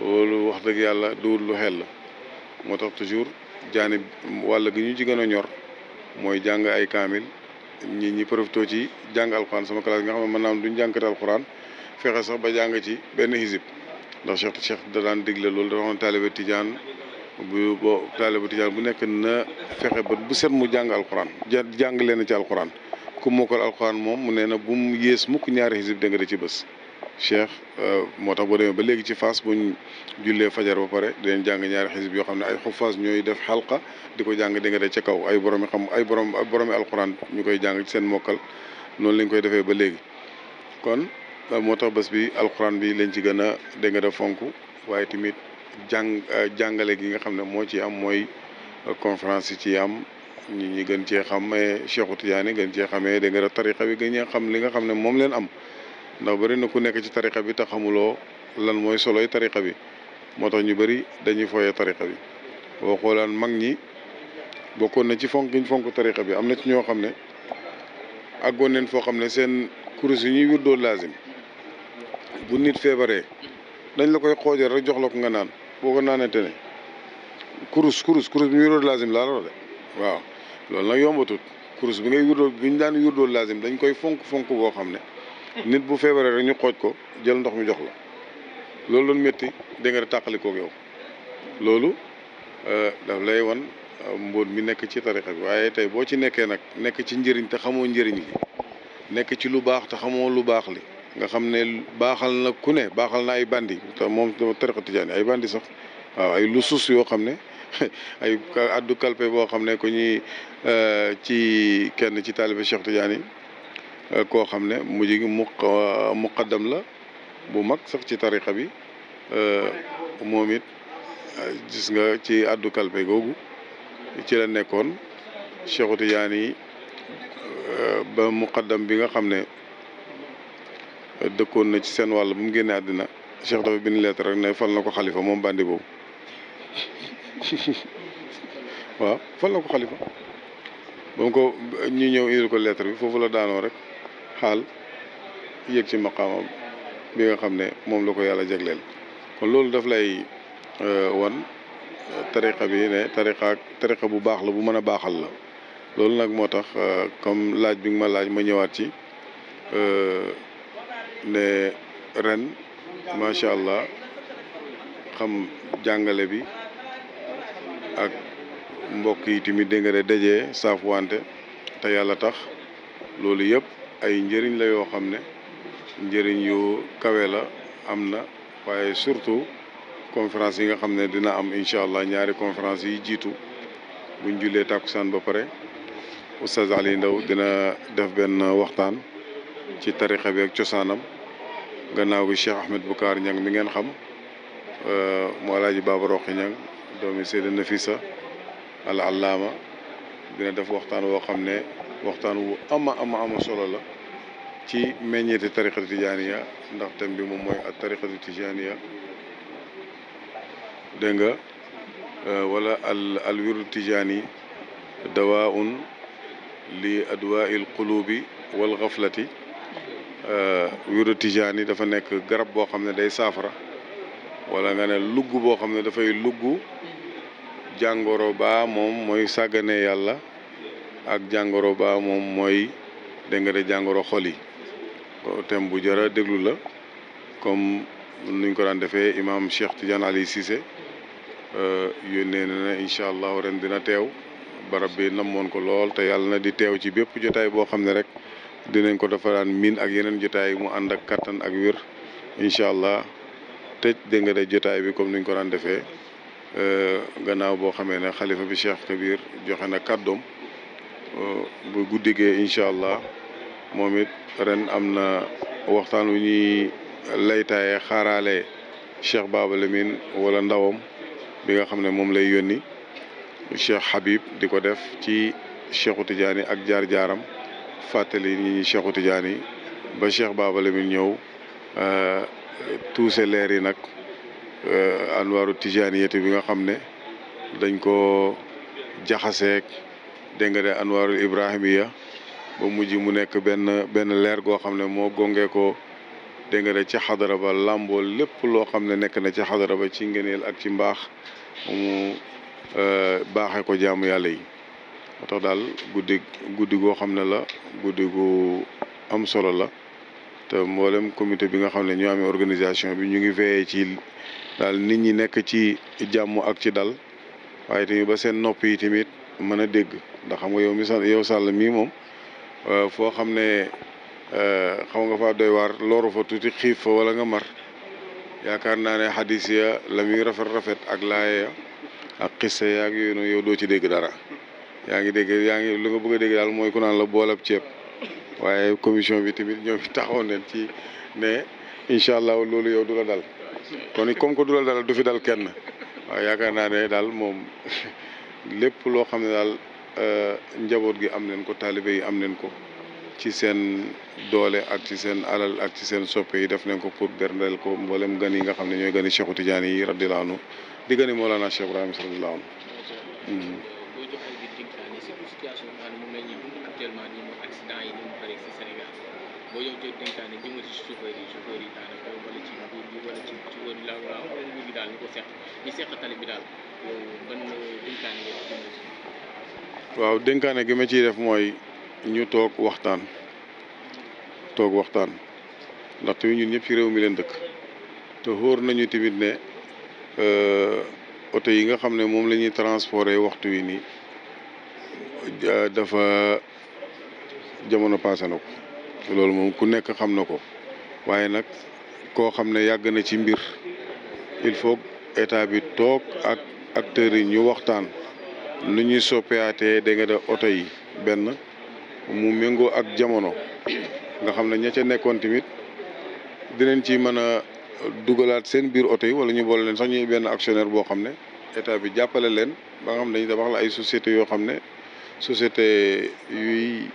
loolu wax dëgg yàlla duwul lu xel la moo tax toujours jaani wàll gi ñu ci gën a ñor mooy jàng ay kaamil ñi ñi profité ci jàng alxuraan sama classe nga xam ne mën naa am duñ jànkat alxuraan fexe sax ba jàng ci benn xisib ndax Cheikh Cheikh da daan digle loolu dafa xam ne taalibe tijaan bu bo taalibu tijaan bu nekk na fexe ba bu set mu jàng alxuraan jàng leen ci alxuraan ku mokkal alxuraan moom mu nee na bu mu yées mukk ñaari xisib dégg nga ci bës cheikh euh, moo tax boo demee ba léegi ci Fass buñ jullee fajar ba pare dinañ jàng ñaari xisib yoo xam ne ay xuffaas ñooy def xalqa di ko jàng dégg nga ca kaw ay borom xam ay borom boromi alxuraan ñu koy jàng ci seen mokkal noonu lañ koy defee ba léegi kon euh, moo tax bés bi alxuraan bi lañ ci gën a dégg nga fonk waaye tamit. jàng euh, jàngale gi nga xam ne moo ci am mooy euh, conférence yi ci am ñi ñi gën cee xamee Cheikhu Tidiane gën cee xamee dégg nga tariqa bi gën a xam li nga xam ne moom leen am ndax bari na ku nekk ci tariqa bi te xamuloo lan mooy soloy tariqa bi moo tax ñu bëri dañuy fooyee tarixa bi boo xoolaan mag ñi bokkoon na ci fonk giñ fonk tariqa bi am na ci ñoo xam ne àggoon nañ foo xam ne seen kurus yi ñuy wirdoo laazim bu nit feebaree dañ la koy xoojal rek jox la ko nga naan bëggoon naa ne kurus kurus kurus bi ñu yurdool lazim laa la wax waaw loolu nag yombatut kurus bi ngay yurdool bi ñu daan yurdool lazim dañ koy fonk fonk boo xam ne nit bu feebaree rek ñu xooj ko jël ndox mi jox la loolu doon métti da nga tàqalikoog yow loolu euh, daf lay wan euh, mbóot mi nekk ci tarixa bi waaye tey boo ci nekkee nag nekk ci njëriñ te xamoo njëriñ li nekk ci lu baax te xamoo lu baax li nga xam ne baaxal na ku ne baaxal na ay bandi moom moom tariqa tijaani ay bandi sax waaw ay lusus yoo xam ne ay addu kalpe boo xam ne ku ñuy euh, ci kenn ci taalibe Cheikh Tidiane euh, koo xam ne mujj gi mu euh, muqaddam la bu mag sax ci tariqa bi moom it gis nga ci addu kalpe googu ci la nekkoon Cheikh yi ba muqaddam bi nga xam ne dëkkoon na ci seen wàll bu mu génnee àddina Cheikh dafa bind lettre rek ne fal na ko xalifa moom bandi boobu waaw fal na ko xalifa ba mu ko ñu ñëw indil ko lettre bi foofu la daanoo rek xaal yéeg ci maqaamam bi nga xam ne moom la ko yàlla jagleel kon loolu daf lay euh, wan euh, tariqa bi ne tariqa ak bu baax la bu mën a baaxal la loolu nag moo tax euh, comme laaj bi nga ma laaj ma ñëwaat ci ne ren macha allah xam jàngale bi ak mbokk yi tamit dégg nga de dajee saaf wante te yàlla tax loolu yëpp ay njëriñ la yoo xam ne njëriñ yu kawe la am na waaye surtout conférence yi nga xam ne dina am incha allah ñaari conférence yi jiitu buñ jullee tàkkusaan ba pare oustaz Ali Ndaw dina def benn waxtaan ci tarixa bi ak cosaanam gannaaw bi Cheikh Ahmed Boucar Niang mi ngeen xam euh, mu alaaji Baaba Roqi Niang doomi Seyda Nafisa al allaama dina def waxtaan woo xam ne waxtaan wu ama ama ama solo la ci meññeeti tariqatu tijaaniya ndax thème bi moom mooy ak tariqatu tijaaniya dégg nga euh, wala al al wiru tijaani dawaa un li adwaa il qulubi wal gaflati wiru euh, tijaan yi dafa nekk garab boo xam ne day saafara wala nga ne lugg boo xam ne dafay lugg jàngoro baa moom mooy sàggane yàlla ak jàngoro baa moom mooy dégg nga de jàngoro xol yi thème bu jara déglu la comme nuñ ko daan defee imaam Cheikh Tidiane Ali Cissé euh, yónnee na incha allah ren dina teew barab bi namoon ko lool te yàlla na di teew ci bépp jotaay boo xam ne rek dinañ ko defaraan miin ak yeneen jotaay mu ànd ak kattan ak wér incha allah tëj dégg nga de jotaay bi comme niñ ko daan defee euh, gannaaw boo xamee ne xalifa bi Cheikh biir joxe na kàddoom euh, bu guddigee incha allah moom it ren am na waxtaan wu ñuy laytaaye xaaraale Cheikh Baba Lamine wala ndawam bi nga xam ne moom lay yónni Cheikh Habib di ko def ci Cheikhu Tidiane ak jaar-jaaram. fàttali nit ñi Cheikhu yi ba Cheikh Baba Lamine ñëw euh, tuuse leer yi nag euh, anwaaru tijaaniyatu bi nga xam ne dañ koo jaxaseek dégg nga de anwaaru ya ba mujj mu nekk benn benn leer goo xam ne moo gongee ko dégg nga de ci xadara ba làmboo lépp loo xam ne nekk na ca xadara ba ci ngëneel ak ci mbaax mu euh, baaxe ko jaamu yàlla yi moo daal guddi guddi goo xam ne la guddi gu am solo la te mboolem comité bi nga xam ne ñoo amee organisation bi ñu ngi veillé ci daal nit ñi nekk ci jàmm ak ci dal waaye tamit ba seen nopp yi tamit mën a dégg ndax xam nga yow mi sàll yow sàll mii moom euh, foo xam ne euh, xam nga fa doy waar looru fa tuuti xiif fa wala nga mar yaakaar naa ne xadis ya la muy rafet rafet ak laaya ya ak xissa yaak yooyu noonu yow doo ci dégg dara yaa ngi dégg yaa ngi li nga bëgg a dégg daal mooy ku naan la boolab ceeb waaye commission bi tamit ñoo fi taxaw nañ ci ne incha allah loolu yow du la dal kon comme que du la dal du fi dal kenn waaw yaakaar naa ne daal moom lépp loo xam ne daal euh, njaboot gi am nañ ko taalibe yi am nañ ko ci seen doole ak ci seen alal ak ci seen soppe yi def nañ ko pour berndeel ko mboolem gan yi nga xam ne ñooy gani Cheikhu Tidiane yi radiyallaahu anhu di gani Mawlana Cheikh Ibrahima radiyallaahu waaw dénkaane gi ma ciy def mooy ñu toog waxtaan toog waxtaan ndax tamit ñun ñëpp ci réew mi leen dëkk te xóor nañu tamit ne euh, oto yi nga xam ne moom lañuy ñuy waxtu wi nii euh, dafa jamono passé na ko loolu moom ku nekk xam na ko waaye nag koo xam ne yàgg na ci mbir il faut état bi toog ak acteurs yi ñu waxtaan nu ñuy soppeewaatee da nga def oto yi benn mu méngoo ak jamono nga xam ne ña ca nekkoon tamit dinañ ci mën a dugalaat seen biir oto yi wala ñu boole leen sax ñuy benn actionnaire boo xam ne état bi jàppale leen ba nga xam ne dañuy ay société yoo xam ne société yuy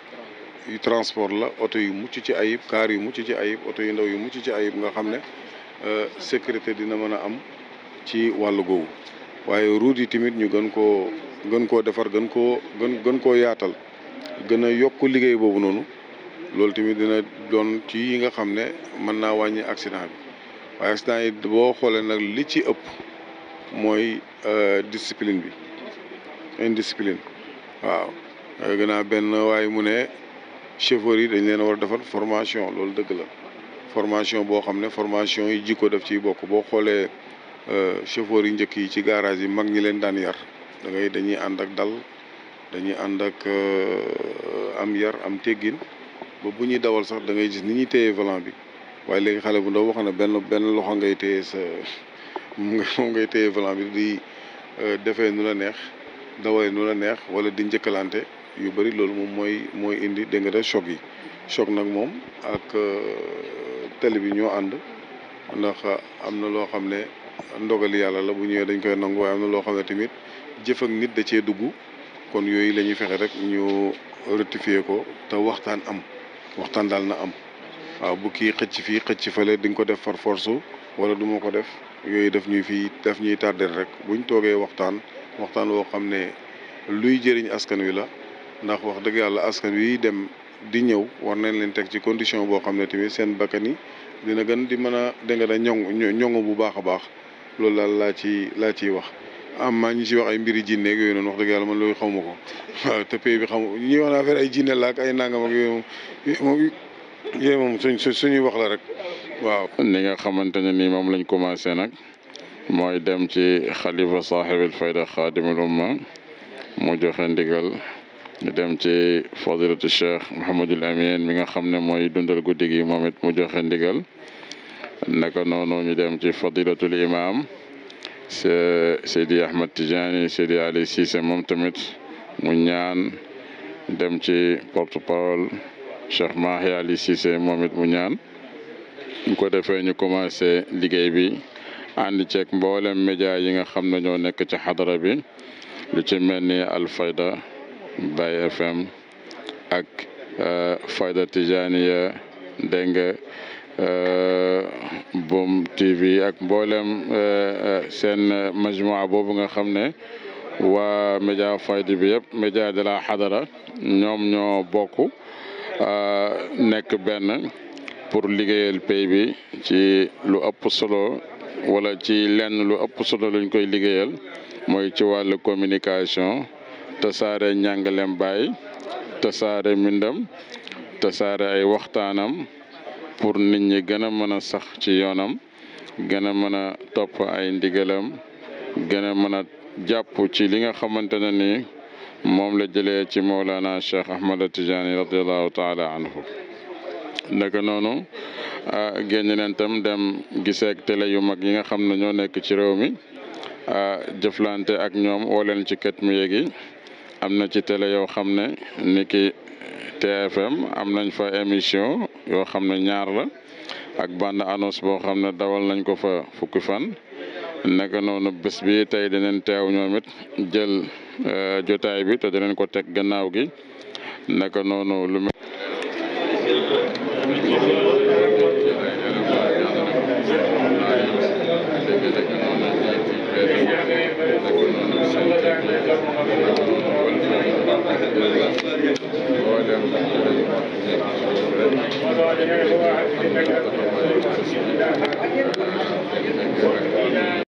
yu transport la oto yu mucc ci ayib kaar yu mucc ci ayib oto yu ndaw yu mucc ci ayib nga xam ne euh, sécurité dina mën a am ci wàll googu waaye route yi tamit ñu gën koo gën koo defar gën koo gën gën koo yaatal gën a yokk liggéey boobu noonu loolu tamit dina doon ci nga xam ne mën naa wàññi accident bi waaye accident yi boo xoolee nag li ci ëpp mooy euh, discipline bi indiscipline waaw gën a benn waaye mu ne chauffeurs yi dañ leen war a defal formation loolu dëgg la formation boo xam ne formation yi jikko def ciy bokk boo xoolee euh, chauffeurs yi njëkk yi ci garage yi mag ñi leen daan yar da ngay dañuy ànd ak dal dañuy ànd ak euh, am yar am teggin ba bu ñuy dawal sax da ngay gis ni ñuy téye volant bi waaye léegi xale bu ndaw wax na benn benn loxo ngay téye sa moom ngay téye volant bi di euh, defee nu la neex dawalee nu la neex wala di njëkkalante. yu bëri loolu moom mooy mooy indi dégg nga choc yi choc nag moom ak euh, télé bi ñoo ànd ndax am na loo xam ne ndogali yàlla la bu ñëwee dañ koy nangu waaye am na loo xam ne tamit jëf ak nit da cee dugg kon yooyu lañuy fexe rek ñu rectifier ko te waxtaan am waxtaan daal na am waaw bu kii xëcc fii xëcc fële di nga ko def par force wala du ma ko def yooyu daf ñuy fii daf ñuy tardel rek buñ toogee waxtaan waxtaan woo xam ne luy jëriñ askan wi la ndax wax dëgg yàlla askan wi dem di ñëw war nañ leen teg ci condition boo xam ne tamit seen bakkan yi dina gën di mën a dégg nga da ñoŋ bu baax a baax loolu daal laa ci laa ciy wax. am maa ñu ci wax ay mbiri jinne ak yooyu noonu wax dëgg yàlla man loolu xawma ko waaw te pays bi xam ñuy wax na affaire ay jinne la ak ay nangam ak yooyu moom yooyu moom suñ suñuy wax la rek waaw. ni nga xamante ne ni moom lañ commencé nag mooy dem ci xalifa saaxibil fayda xaadimul umma mu joxe ndigal. ñu dem ci fadilatu cheikh Mouhamadul Amin mi nga xam ne mooy dundal guddi gi moom it mu joxe ndigal naka noonu ñu dem ci fadilatul imam Seydi Ahmad Tijani Seydi Ali Cissé moom tamit mu ñaan dem ci porte parole Cheikh Mahi Ali Cissé moom mu ñaan ñu ko defee ñu commencé liggéey bi ànd ceeg mboolem média yi nga xam ne ñoo nekk ci xadara bi lu ci mel ni Alfayda Baye FM ak euh, Fayda Tijaniya euh, dégg nga euh, Boom TV ak mboolem seen majmua boobu nga xam ne waa média fayda bi yëpp média de la xadara ñoom ñoo bokk nekk benn pour liggéeyal pays bi ci lu ëpp solo wala ci lenn lu ëpp solo luñ koy liggéeyal mooy ci wàllu communication tasaare njàngalem baay tasaare mbindam tasaare ay waxtaanam pour nit ñi gën a mën a sax ci yoonam gën a mën a topp ay ndigalam gën a mën a jàpp ci li nga xamante ne nii moom la jëlee ci Mawlana Cheikh Ahmad Tijaani radiallahu taala anhu naka noonu génn leen tam dem giseek télé yu mag yi nga xam ne ñoo nekk ci réew mi jëflante ak ñoom woo ci kat mi yeegi am na ci tele yoo xam ne niki TFM am nañ fa émission yoo xam ne ñaar la ak bande annonce boo xam ne dawal nañ ko fa fukki fan naka noonu bés bi tey dinañ teew ñoom it jël euh, jotaay bi te dinañ ko teg gannaaw gi naka noonu lu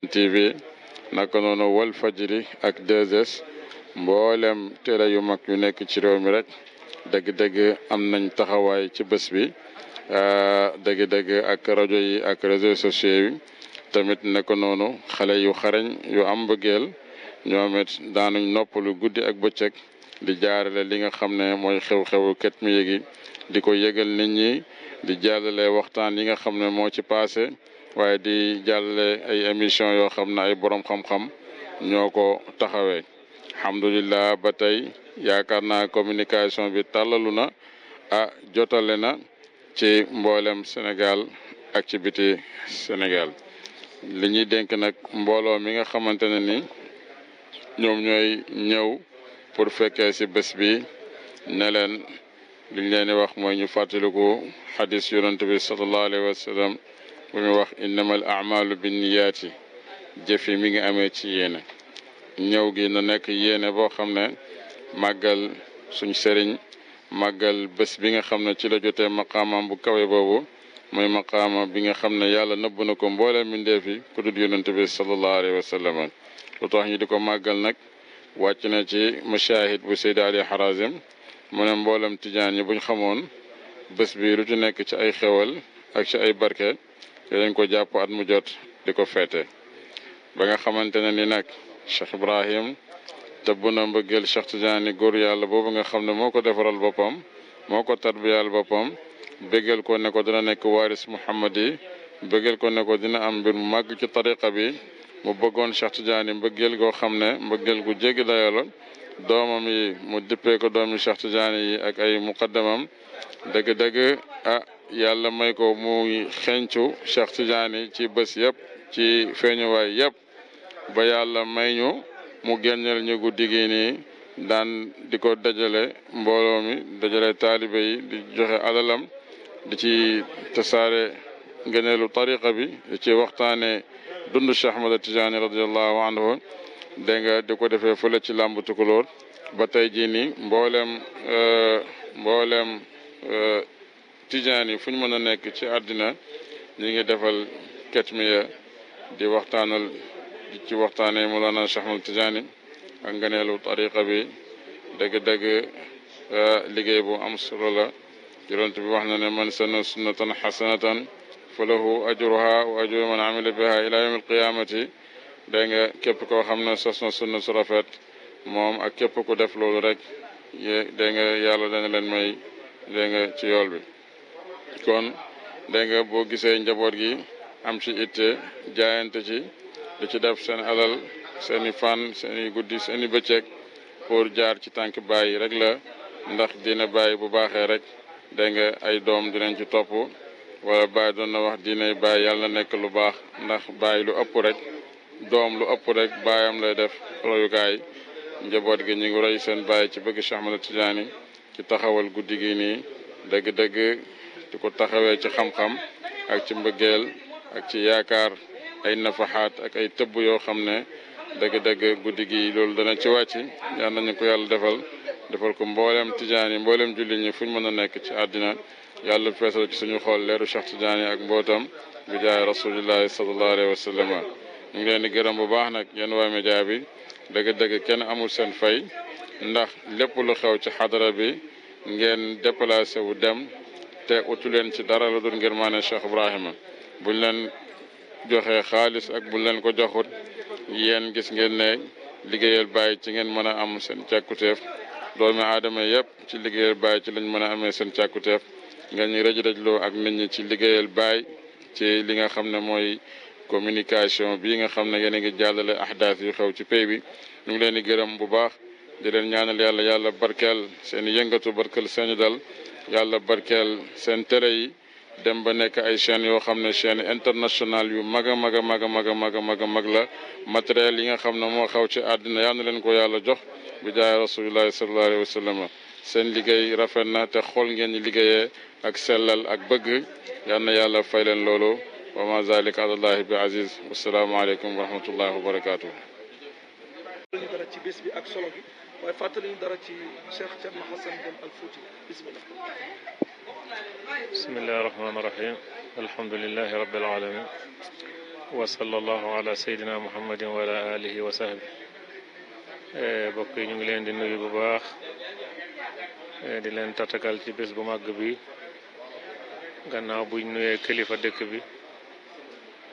TV naka noonu wal fajiri ak 2S mboolem télé yu mag yu nekk ci réew mi rek dëgg-dëgg am nañ taxawaay ci bés bi ah, dëgg-dëgg ak rajo ak réseaux sociaux yi tamit naka noonu xale yu xarañ yu am mbëggeel ñoom it noppalu guddi ak bëccëg di jaarale li nga xam ne mooy xew-xewu kat mi gi di ko yëgal nit ñi di jàllale waxtaan yi nga xam ne moo ci passé waaye di jàllale ay émission yoo xam na ay borom xam-xam ñoo ko taxawee alhamdulilah ba tey yaakaar naa communication bi tàllalu na ah jotale na ci mboolem Sénégal ak ci biti Sénégal li ñuy dénk nag mbooloo mi nga xamante ne ni ñoom ñooy ñëw pour fekkee si bés bi ne leen liñ leen di wax mooy ñu fàttaliku xadis yonent bi sallallahu alayhi wa sallam wax ñu wax innamal amalu binniyaati jëf yi mi ngi amee ci yéene ñëw gi na nekk yéene boo xam ne màggal suñ seriñ màggal bés bi nga xam ne ci la jotee maqaamam bu kawe boobu mooy maqaama bi nga xam ne yàlla nëbb na ko mboolee mbindeef yi ku dul yonent bi sallallahu alayhi wa ñu di ko màggal nag wàcc na ci mashahid bu Seydi Ali Harazim mu ne mboolem tijaan yi buñ xamoon bés bi lu ci nekk ci ay xewal ak ci ay barke dinañ ko jàpp at mu jot di ko feete ba nga xamante ne ni nag Cheikh Ibrahim tëbb na mbëggeel Cheikh Tidiane góor yàlla boobu nga xam ne moo ko defaral boppam moo ko tarbiyaal boppam bëggal ko ne ko dina nekk waaris Muhammad yi bëggal ko ne ko dina am mbir mu màgg ci tariqa bi mu bëggoon Cheikh Tidiane mbëggeel goo xam ne mbëggeel gu jéggi dayoo la doomam yi mu dippee ko doomi Cheikh Tidiane yi ak ay muqaddamam dëgg-dëgg ah yàlla may ko muy xencu Cheikh Tidiane ci bés yëpp ci feeñuwaay yëpp ba yàlla may ñu mu génneel ñu guddi gi nii daan di ko dajale mbooloo mi dajale taalibe yi di joxe alalam di ci tasaare ngëneelu tariqa bi ci waxtaanee. dund Cheikh Ahmada Tidiane radiallahu anhu dégg nga di ko defee fële ci làmb tukulóor ba tey jii nii mboolem euh, mboolem euh, tijaan yi fu mën a nekk ci àddina ñi ngi defal ketmiya di waxtaanal di ci waxtaanee Mawlana Cheikh Ahmad Tidiane ak ngëneelu tariqa bi dëgg-dëgg euh, liggéey bu am solo la yonent bi wax na ne man sana sunnatan xasanatan falahu ajruha wa ajru man amila biha ila yawmi alqiyamati dégg nga képp koo xam na sos na sunna su moom ak képp ko def loolu rek dégg nga yàlla dana leen may dégg nga ci yool bi kon dégg nga boo gisee njaboot gi am ci itte jaayante ci di ci def seen alal seeni fan seeni guddi seeni bëccëg pour jaar ci tànk bàyyi rek la ndax dina bàyyi bu baaxee rek dégg nga ay doom dinañ ci topp wala baay doon na wax diinay baay yàlla na nekk lu baax ndax baay lu ëpp rek doom lu ëpp rek baayam lay def royukaay njaboot gi ñu ngi roy seen baay ci bëgg Cheikh Ahmad Tidiane ci taxawal guddi gi nii dëgg-dëgg di ko taxawee ci xam-xam ak ci mbëggeel ak ci yaakaar ay nafaxaat ak ay tëb yoo xam ne dëgg-dëgg guddi gi loolu dana ci wàcc yal nañu ko yàlla defal defal ko mboolem Tidiane yi mboolem julli ñi ñu mën a nekk ci àddina yàlla feesal ci suñu xool leeru Cheikh Tidiane ak mbootam bi jaay rasulillahi sallallahu alayhi wa sallam ñu ngi leen gërëm bu baax nag yenn waa média bi dëgg-dëgg kenn amul seen fay ndax lépp lu xew ci xadara bi ngeen déplacé wu dem te utu leen ci dara lu dul ngir maane Cheikh Ibrahima buñ leen joxee xaalis ak bu leen ko joxut yéen gis ngeen ne liggéeyal bàyyi ci ngeen mën a am seen càkkuteef doomi aadama yépp ci liggéeyal baay ci lañ mën a amee seen càkkuteef nga ñu rëj rëjloo ak nit ñi ci liggéeyal baay ci li nga xam ne mooy communication bi nga xam ne yéen a ngi jàllale ahdaas yu xew ci pay bi ñu ngi leen di gërëm bu baax di leen ñaanal yàlla yàlla barkeel seen yëngatu barkeel seen dal yàlla barkeel seen tere yi dem ba nekk ay chaînes yoo xam ne chaîne international yu mag a mag a mag a mag a mag a mag a mag la matériel yi nga xam ne moo xaw ci àddina yal na leen ko yàlla jox bi jaay rasulillahi sallallahu alayhi wa seen liggéey rafet na te xool ngeen ni liggéeyee ak sellal ak bëgg yal na yàlla fay leen loolu wa ma zalika alallahi bi aziz wasalaamaaleykum wa rahmatullahi wa barakaatu. dara ci bés bi ak solo bi waaye fàttali ñu dara ci Cheikh Thierno Hassane Déme Al Fouti bismillah bismillahi rahmaani rahim alhamdulilahi rabbil alamin wa sallallahu ala sayyidina muhammadin wa ala alihi wa sahbihi Eh, bokk yi ñu ngi leen di nuyu bu baax eh, di leen tàttagal ci bés bu màgg bi gannaaw buñ nuyee kilifa dëkk bi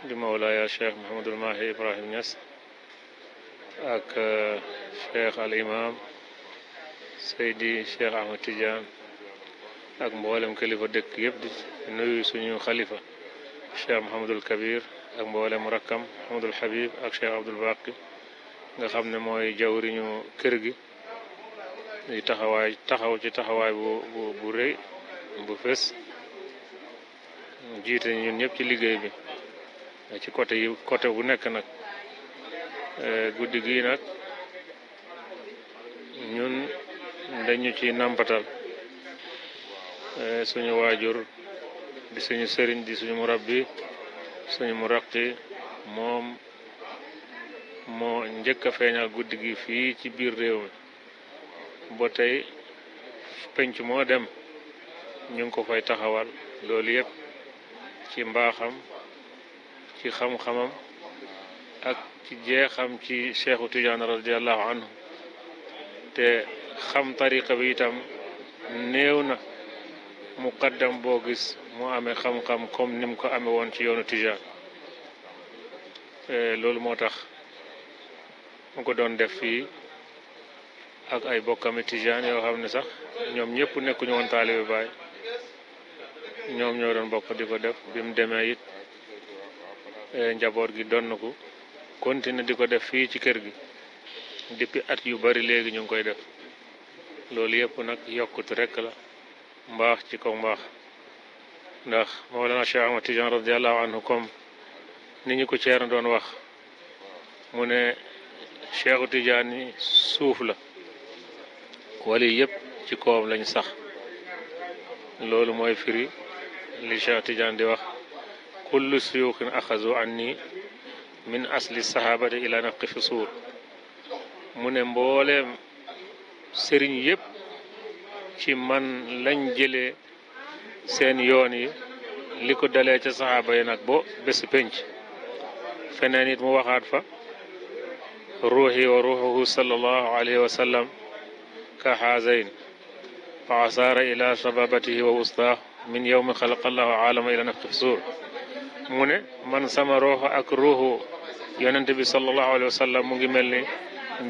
di mawlaaya cheikh Mouhamadul Mahi Ibrahim Niass ak eh, cheikh al imam Seydi cheikh Ahmad Tidiane ak mboolem kilifa dëkk yëpp di nuyu suñu xalifa cheikh Mouhamadul Kabir ak mboolem rakkam Mouhamadul Habib ak cheikh Abdul Baqi nga xam ne mooy jawriñu kër gi di taxawaay taxaw ci taxawaay bu bu bu rëy bu fés jiite ñun ñëpp ci liggéey bi ci côté yi côté bu nekk nag e, guddi gii nag ñun dañu ci nàmpatal e, suñu waajur di suñu sëriñ di suñu murabbi suñu muraqi moom moo njëkk a feeñal guddi gi fii ci biir réew mi ba tey penc moo dem ñu ngi ko fay taxawal loolu yëpp ci mbaaxam ci xam-xamam ak ci jeexam ci cheikhu tidiane radiallahu anhu te xam tariqa bi itam néew na muqaddam boo gis moo amee xam-xam comme ni ko amee woon ci yoonu tidiane eh, loolu moo tax mu ko doon def fii ak ay bokkami tijaan yoo xam ne sax ñoom ñëpp nekkuñu woon taalibe baay ñoom ñoo doon bokk di ko def bi demee it eh, njaboot gi donn ko continuer di ko def fii ci kër gi depuis at yu bari léegi ñu ngi koy def loolu yëpp nag yokkut rekk la mbaax ci kaw mbaax ndax Mawlana Cheikh Ahmad Tidiane radiallahu anhu comme ni ñu ko ceer doon wax mu ne Cheikhu Tidiane suuf la wali yëpp ci koom lañ sax loolu mooy firi li Cheikh Tidiane di wax kullu suyuuxin axasu anni min asli sahabati ila nafqi fi suur mu ne mbooleem sëriñ yépp ci man lañ jëlee seen yoon yi li ko dalee ca saxaaba yi nag bo bés penc feneen it mu waxaat fa ruuxi wa ruuxuhu sallallahu alayhi wa sallam ka xaazayn fa asaara ila shababatihi wa wustaah min yowmi xalaqa allahu ila nafxi suur mu man sama ruux ak ruuxu yonent bi sallallahu alayhi wa sallam mu ngi mel ni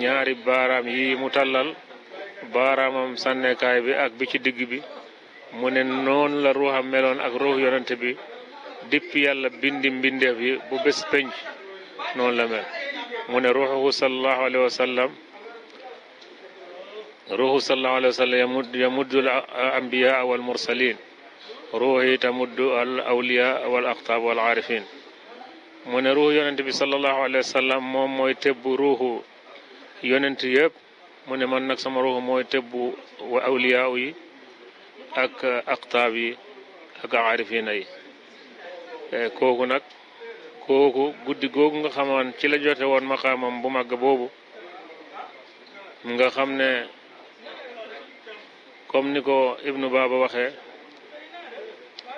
ñaari baaraam yi mu tàllal baaraamam sànnekaay bi ak bi ci digg bi mu ne noonu la ruuxam meloon ak ruux yonent bi dipp yàlla bindi mbindeef yi bu bés penc noonu la mel mu ne ruuxuhu sallallahu alayhi wa sallam ruuxu sallallahu alayhi wa sallam yamuddul ambiya wal mursalin ruux yi tamuddu al awliya wal aqtaab wal aarifin mu ne ruuxu yonent bi sallallahu alayhi wa sallam moom mooy tëbb ruuxu yonent yëpp mu ne man nag sama ruuxu mooy tëbb wa awliya yi ak aqtaab yi ak aarifina yi eh, kooku nag kooku guddi googu nga xamoon ci la jote woon maqaamam bu màgg boobu nga xam ne comme ni ko ibnu baaba waxee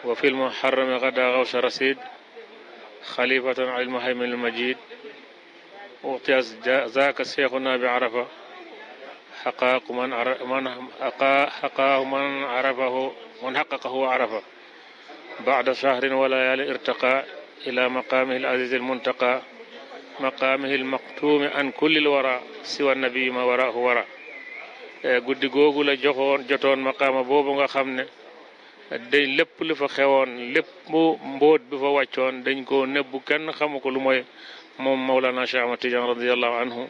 wa fil muharrami gada gawsa rasid xalifatan al muhaymin al majid uxtiya zaaka seexuna bi arafa xaqaaku man man xaqaahu man arafahu man xaqaqahu arafa shahrin wa layaalin irtaqa ila maqaamihi al aziz al muntaqa maqaamihi al maqtuumi an kullil wara siwa nabii ma waraahu wara e, guddi googu la joxoon jotoon maqaama boobu nga xam ne dañ lépp lu fa xewoon lépp mbóot bi fa wàccoon dañ ko nëbbu kenn xamu ko lu mooy moom Mawlana Cheikh Ahmad Tidiane radiallahu anhu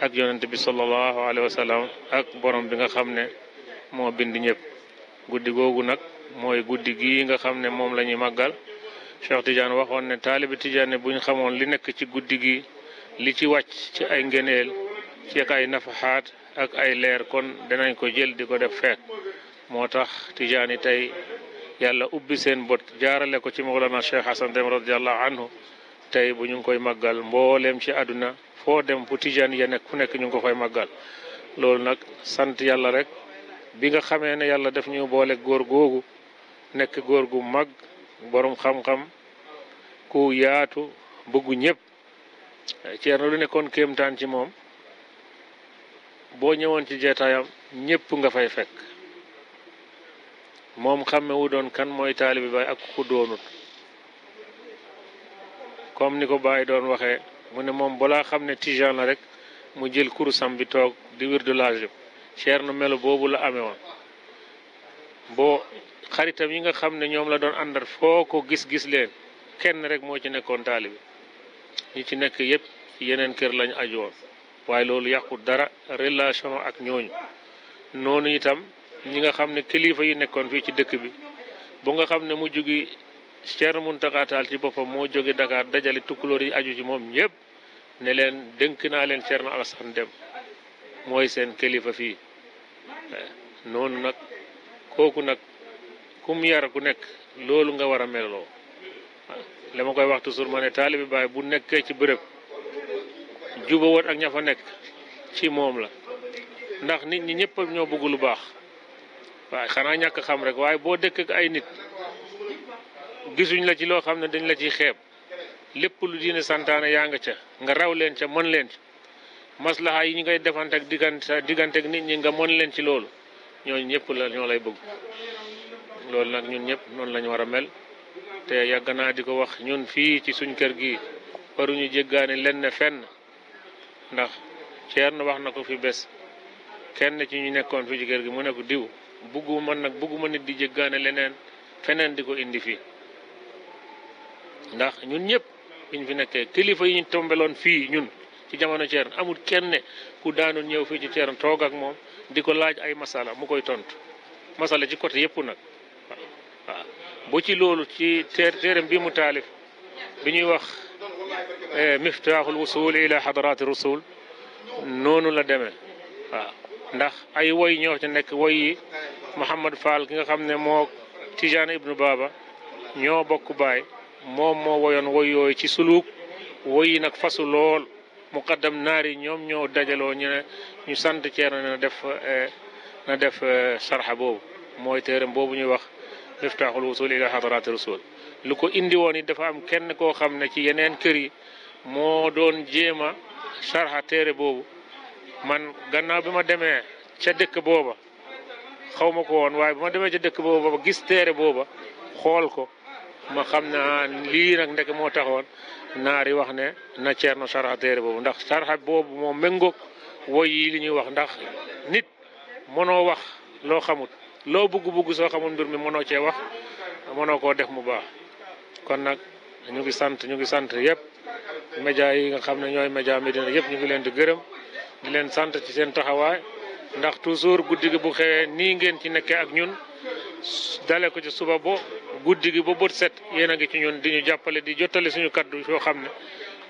ak yonent bi sallallahu alayhi wa ak borom bi nga xam ne moo bind ñëpp guddi googu nag mooy guddi gii nga xam ne moom la ñuy màggal Cheikh Tidiane waxoon ne taalibi Tidiane bu ñu xamoon li nekk ci guddi gi li ci wàcc ci ay ngëneel ci ak ay nafaxaat ak ay leer kon danañ ko jël di ko def feet moo tax Tidiane tey yàlla ubbi seen bët jaarale ko ci Mawlana Cheikh Hassan Deme radiallahu anhu tey bu ñu ngi koy màggal mbooleem ci àdduna foo dem fu Tidiane ya nekk fu nekk ñu ngi ko fay màggal loolu nag sant yàlla rek bi nga xamee ne yàlla daf ñu boole góor googu nekk góor gu mag borom xam-xam ku yaatu bëggu ñëpp Ceerno lu nekkoon kéemtaan ci moom boo ñëwoon ci jeetaayam ñëpp nga fay fekk moom xamme wu doon kan mooy taalibi baay ak ku doonut comme ni ko Baay doon waxee mu ne moom balaa xam ne tijaan la rek mu jël kurusam bi toog di wirdu laaj Ceerno melo boobu la amee woon boo xaritam yi nga xam ne ñoom la doon àndal foo ko gis-gis leen kenn rek moo ci nekkoon taalibe ñi ci nekk yépp yeneen kër lañ aju waaye loolu yàqu dara relation ak ñooñu noonu itam ñi nga xam ne kilifa yi nekkoon fii ci dëkk bi bu nga xam ne mu gi Cheikh Mountakha Tall ci boppam moo jóge dakaar dajale tukkulóor yi aju ci moom ñëpp ne leen dënk naa leen Cheikh Alassane Dème mooy seen kilifa fii eh, noonu nag kooku nag kum yar ku nekk loolu nga war a meloo li ma koy wax toujours ma ne taalibi baay bu nekkee ci bërëb jubawoot ak ña fa nekk ci moom la ndax nit ñi ñëpp ñoo bëgg lu baax waaye xanaa ñàkk xam rek waaye boo dëkk ak ay nit gisuñ la ci loo xam ne dañ la ciy xeeb lépp lu diine santaane yaa nga ca nga raw leen ca mën leen ci maslaha yi ñu ngay defante ak diggante digganteeg nit ñi nga mën leen ci loolu ñooñu ñëpp la ñoo lay bëgg loolu nag ñun ñëpp noonu lañu ñu war a mel te yàgg naa di ko wax ñun fii ci suñ kër gi waruñu jéggaani lenn fenn ndax Thierno wax na ko fi bés kenn ci ñu nekkoon fii ci kër gi mu ne ko diw bugguma man nag bugguma nit di jéggaane leneen feneen di ko indi fii ndax ñun ñëpp biñ fi nekkee kilifa yi ñu tombeloon fii ñun ci jamono Thierno amul kenn ku daanu ñëw fii ci Thierno toog ak moom di ko laaj ay masala mu koy tontu masala ci côté yëpp nag. waaw ci loolu ci téer téeram bi mu taalif bi ñuy wax eh, miftaaxul wusul ila xadaraati rusul noonu la deme waaw ndax ay woy ñoo ci nekk woy yi Mouhamad ki nga xam ne moo Tijaan ibnu Baaba ñoo bokk baay moom moo woyoon woy ci suluuk woy yi nag fasu lool muqaddam naar yi ñoom ñoo dajaloo ñu ne ñu sant Ceerno na def eh, na def eh, sarxa boobu mooy téeram boobu ñuy wax miftaaxul wusul ila xadaraati rasul lu ko indi woon it dafa am kenn koo xam ne ci yeneen kër yi moo doon jéem a sarxa téere boobu man gannaaw bi ma demee ca dëkk booba xawma ko woon waaye bi ma demee ca dëkk booba ba gis téere booba xool ko ma xam ne ah, lii nag ndek moo taxoon naari wax ne na ceerno sarxa téere boobu ndax sarxa boobu moo méngoog woy yi li ñuy wax ndax nit mënoo wax loo xamut loo bugg-bugg soo xamul mbir mi mënoo cee wax mënoo koo def mu baax kon nag ñu ngi sant ñu ngi sant yëpp média yi nga xam ne ñooy média Médina yëpp ñu ngi leen di gërëm di leen sant ci seen taxawaay ndax toujours guddi bu xewee nii ngeen ci nekkee ak ñun dale ko ci suba bo guddi gi ba set yéen a ngi ci ñun di ñu jàppale di jottali suñu kaddu yoo xam ne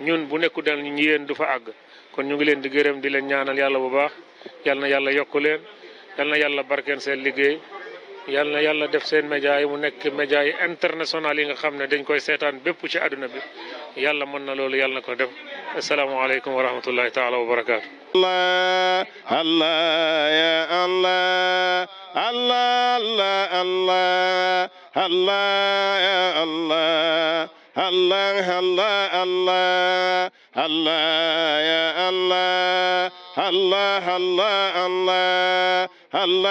ñun bu nekku dal ñu yéen du fa àgg kon ñu ngi leen di gërëm di leen ñaanal yàlla bu baax yàlla yàlla yokk leen yal na yàlla seen liggéey yal na yàlla def seen média yi mu nekk média yi international nga xam ne dañ koy seetaan bépp ci àdduna bi yàlla mën na loolu yàlla ko def asalaamaaleykum wa rahmatullahi taala wa barakaatu. Allah Allah ya Allah Allah Allah Allah Allah ya Allah الله الله الله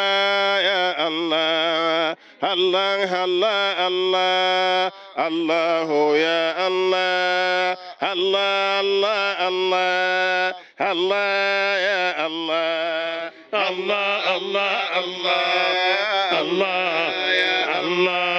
يا الله الله الله الله الله يا الله الله الله الله الله يا الله الله الله الله الله يا الله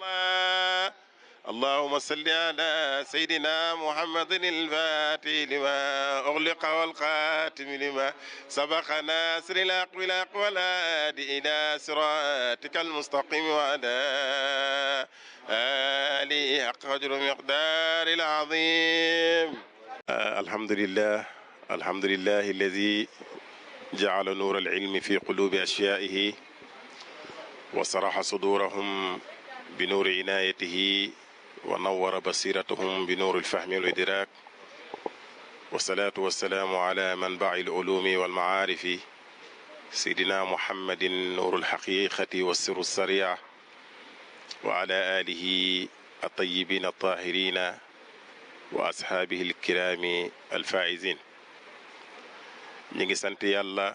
اللهم صل على سيدنا محمد الفاتح لما أغلق والقاتم لما سبق ناصر الحق بالحق والهادي إلى صراطك المستقيم وعلى آله حق قدر مقدار العظيم الحمد لله الحمد لله الذي جعل نور العلم في قلوب أشيائه وسرح صدورهم بنور عنايته wa nawara basiratahum bi nuuril fahmi wal idraak wasalaatu wasalaamu ala manbai lulumi walmacaarifi seydina muhammadin nuurul xaqiqati wa siru saria wa ala aalihi atayibiina ataahirina wa asxaabihi alkiraami alfaaisin ñi ngi sant yàlla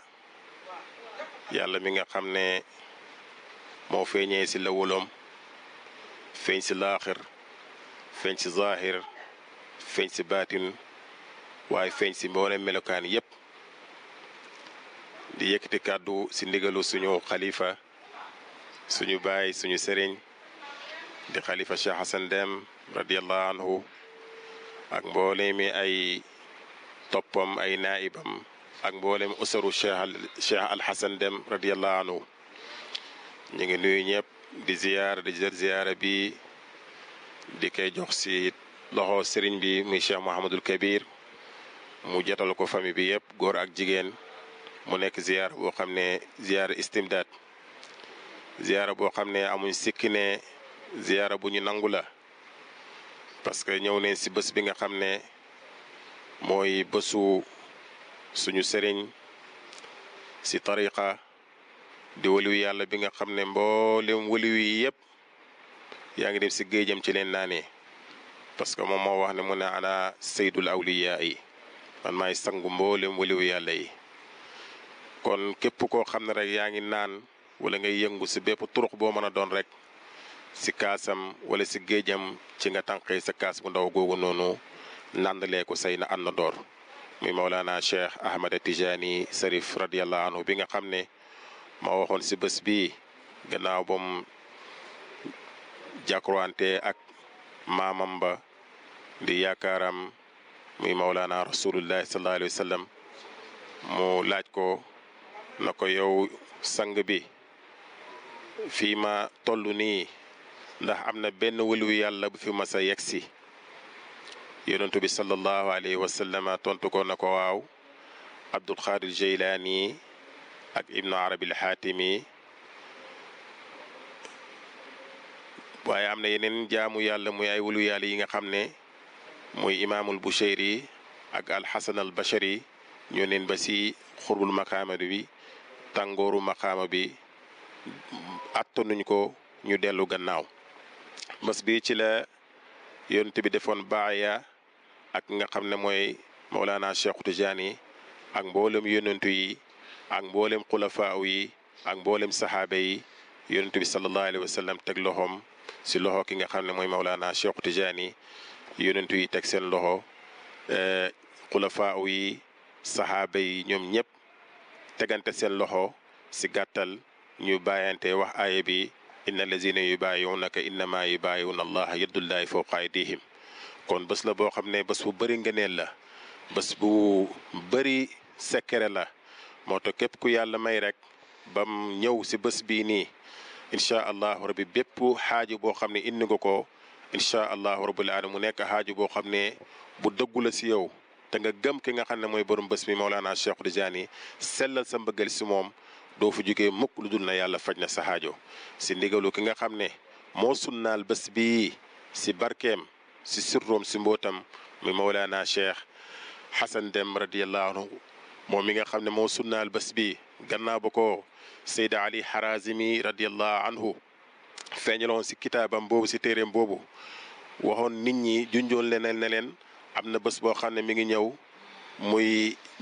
yàlla mi nga xam ne moo feeñee ci lawoloom feeñ ci laaxir feeñ si zaahir feeñ si baatin waaye feeñ si mboolem melokaan yépp di yëkkati kàddu si ndigalu suñu xalifa suñu bay suñu sëriñ di xalifa Cheikh Hassan Dem radiallahu anhu ak mboolemi ay toppam ay naibam ak mboolem usaru Cheikh Cheikh Dem radiallahu anhu ñu ngi nuyu ñëpp di ziyaara di ziyaara bi di koy jox si loxo sëriñ bi muy Cheikh Mouhamadul Kabir mu jotal ko famille bi yëpp góor ak jigéen mu nekk ziyaar boo xam ne ziyaar istimdaad ziyaara boo xam ne amuñ sikki ne ziyaara bu ñu nangu la parce que ñëw neen si bës bi nga xam ne mooy bésu suñu sëriñ si tariqa di waliwu yàlla bi nga xam ne mboolem waliwu yi yëpp yaa ngi dem si géej jëm ci leen naanee parce que moom moo wax ne mu ne ana seydul awliyaa yi man maay sangu mboolem waliwu yàlla yi kon képp koo xam ne rek yaa ngi naan wala ngay yëngu si bépp turux boo mën a doon rek si kaasam wala si géejam ci nga tànqee sa kaas bu ndaw googu noonu nandalee ko say na ànd door muy Mawlana Cheikh Ahmed Tijani Sarif radiyallahu bi nga xam ne moo waxoon si bés bii gannaaw bam jàkkurwante ak maamam ba di yaakaaram muy mawlaana rasulullahi sallallahu alayhi mu laaj ko na ko yow sang bi fii ma toll nii ndax am na benn wëliwu yàlla bu fi ma a yegg si yonentu bi sallallahu alayhi tontu ko na ko waaw abdul xaadir jeylaani ak ibnu arabil xaatimi waaye am na yeneen jaamu yàlla muy ay wulu yàlla yi nga xam ne muy imaamul yi ak alxasan al bachari ñoo neen ba si xurbul maqaama bi tàngooru maqaama bi attanuñ ko ñu dellu gannaaw bés bi ci la yonent bi defoon baaya ak nga xam ne mooy Mawlana Cheikh Tijaani ak mboolem yonentu yi ak mboolem xulafaaw yi ak mboolem saxaaba yi yonent bi sallallahu alayhi wa teg loxoom si loxo ki nga xam ne mooy Maulana Cheikh Tidiane yonent yi teg seen loxo eh, xulafaa yi saxaaba yi ñoom ñëpp tegante seen loxo si gàttal ñu bàyyante wax aaya bi inna yu yubaayi'unaka innama yubaayi'una allaha yadullahi fawqa aydihim kon bés la boo xam ne bés bu bari ngëneel la bés bu bëri sekkere la moo tax képp ku yàlla may rek bam ñëw si bés bii nii incha allahu rabi bépp xaaju boo xam ne indi nga ko incha allahu rabbil alamin mu nekk xaaju boo xam ne bu dëggu la si yow te nga gëm ki nga xam ne mooy borom bés mi Mawlana Cheikh Tidiane sellal sa mbëggal si moom doo fa jógee mukk lu dul na yàlla faj na sa xaajo si ndigalu ki nga xam ne moo sunnaal bés bii si barkeem si sirroom si mbootam mi Mawlana Cheikh Xasan Dem radiyallahu moom mi nga xam ne moo sunnaal bés bi gannaaw ba ko Seyda Ali Harazimi radiallahu anhu feeñaloon si kitaabam boobu si téeréem boobu waxoon nit ñi junjoon leneen ne leen am na bés boo xam ne mi ngi ñëw muy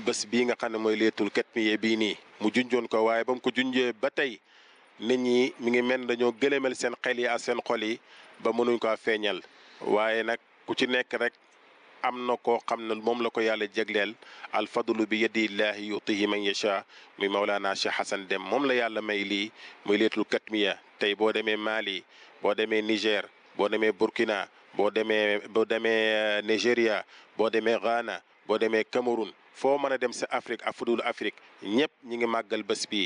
bés bii nga xam ne mooy leetul kat mi bii nii mu junjoon ko waaye ba mu ko junjee ba tey nit ñi mi ngi mel dañoo gëlëmal seen xel yi ak seen xol yi ba mënuñ ko feeñal waaye nag ku ci nekk rek am na koo xam ne moom la ko yàlla jegleel alfadlu bi yadillaahi yutihi man yacha muy Maulana Cheikh Hassan dem moom la yàlla may lii muy leetul katmiya tey boo demee Mali boo demee Niger boo demee Burkina boo demee boo demee euh, Nigéria boo demee Ghana boo demee Cameroun foo mën a dem si Afrique a fudul Afrique ñëpp ñi ngi màggal bés bi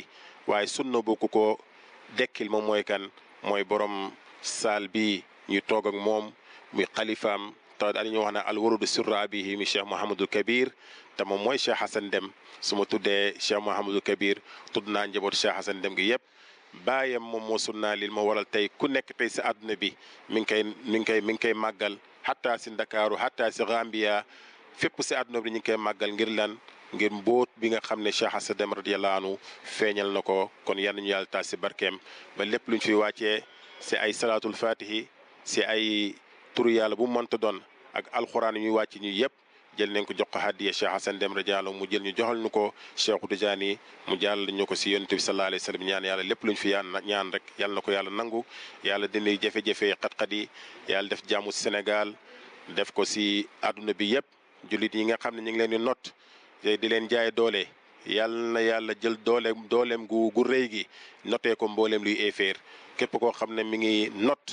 waaye sunna bokku ko dekkil moom mooy kan mooy boroom saal bi ñu toog ak moom muy xalifaam te dañu wax na alwarudu sirra abihi mi cheikh mouhamadul kabir te moom mooy cheikh hasan dem suma ma tuddee cheikh mouhamadul kabir tudd naa njaboot cheikh hasan dem gi yëpp baayam moom moo sunnaa lii ma waral tey ku nekk tey si àdduna bi mi ngi koy mi ngi koy mi ngi koy màggal xataa si ndakaaru xataa si Gambia fépp si àdduna bi ñu ngi koy màggal ngir lan ngir mbóot bi nga xam ne Cheikh Hasan Dem radiyallahu feeñal na ko kon yal nañu yàlla taas si barkeem ba lépp luñ fi wàccee si ay salaatul fatihi si ay turu yàlla bu mënta doon ak alxuraan yu ñuy wàcc ñu yëpp jël nañ ko jox ko hadiya Cheikh Hassan Demba Diallo mu jël ñu joxal nu ko Cheikh Tidiane mu jàll ñu ko si yonent bi sallallahu alayhi wasallam ñaan yàlla lépp luñ fi yaan ñaan rek yàlla na ko yàlla nangu yàlla dindi jafe-jafe xat-xat yi yàlla def jàmmu senegal def ko si àdduna bi yëpp jullit yi nga xam ne ñu ngi leen di not di leen jaay doole yàlla na yàlla jël doole dooleem gu gu rëy gi notee ko mbooleem luy éeféer képp koo xam ne mi ngi not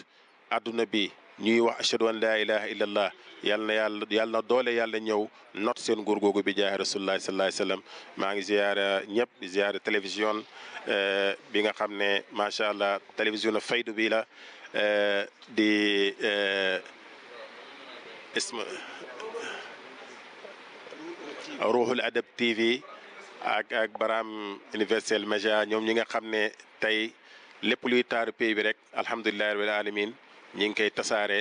àdduna bi ñuy wax ashadu an laa illa allah yal na yàlla yal na doole yàlla ñëw not seen nguur googu bi jaaye rasulullah sallallahu alayhi wasallam maa ngi ziyaara ñëpp di ziyaara télévision eh, bi nga xam ne macha allah télévision faydu bi la eh, di eh, isma ruuxul adab tv ak baram Barham Universel Media ñoom ñi nga xam ne tey lépp luy taaru pays bi rek alhamdulillahi rabbil alamin ñi ngi koy tasaare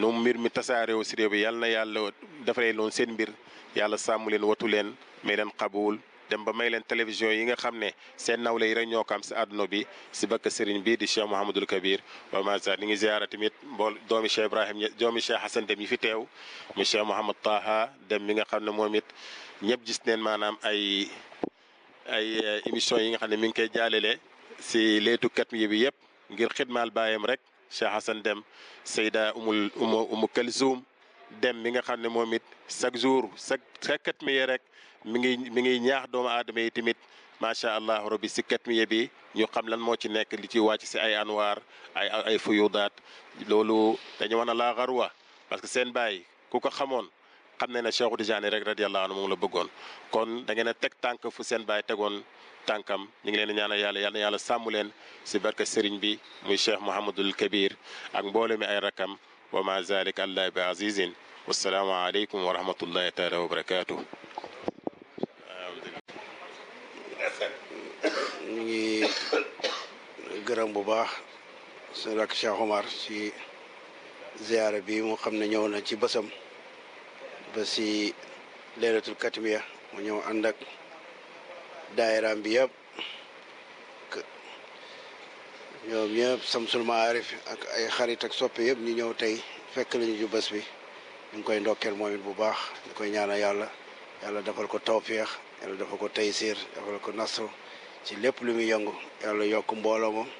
nu mbir mi tasaare wu si réew bi yàlla na yàlla defaree loon seen mbir yàlla sàmmu leen watu leen may leen xabuwul dem ba may leen télévision yi nga xam ne seen nawle yi rek ñoo ko am si àdduna bi si bakk sëriñ bi di Cheikh Mouhamadul Kabir wa masa ni ngi ziara tamit mbool doomi Cheikh Ibrahim doomi Cheikh Hassan dem yi fi teew mu Cheikh Mouhamad Taha dem mi nga xam ne moom it ñëpp gis neen maanaam ay ay émission yi nga xam ne mi ngi koy jaalale si leetukat yi bi yëpp ngir xidmaal baayam rek Cheikh Hassan Deme Seyda Umul Umu Umu Kalsoum Deme mi nga xam ne moom it chaque jour chaque chaque katmiya rek mi ngi mi ngi ñaax doomu aadama yi tamit macha allah rabbi si katmiya bi ñu xam lan moo ci nekk li ci wàcc si ay anwaar ay ay fuyudaat loolu dañu wax na laa xarwa parce que seen baay ku ko xamoon xam ne ne Cheikhu Tijaani rek radiyallahu anhu moom la bëggoon kon da ngeen a teg tànk fu seen baay tegoon tànkam ñu ngi leen di yàlla yàlla yàlla sàmm leen si barke sëriñ bi muy cheikh Mouhamadul Kabir ak mboole mi ay rakkam wa ma zalik allah bi azizin wassalaamu aleykum wa rahmatullahi taala wa barakaatu. ñu ngi gërëm bu baax suñu rakk Cheikh Omar ci ziyaara bi mu xam ne ñëw na ci bësam ba ci leeratul katmiya mu ñëw ànd daayiraam bi yëpp ñoom ñëpp Samsul Maarif ak ay xarit ak soppe yëpp ñu ñëw tey fekk lañu ju bés bi ñu koy ndokkeel moom bu baax ñu koy ñaanal yàlla yàlla defal ko tawféex yàlla defal ko taysiir defal ko nasru ci lépp lu muy yëngu yàlla yokk mbooloo moom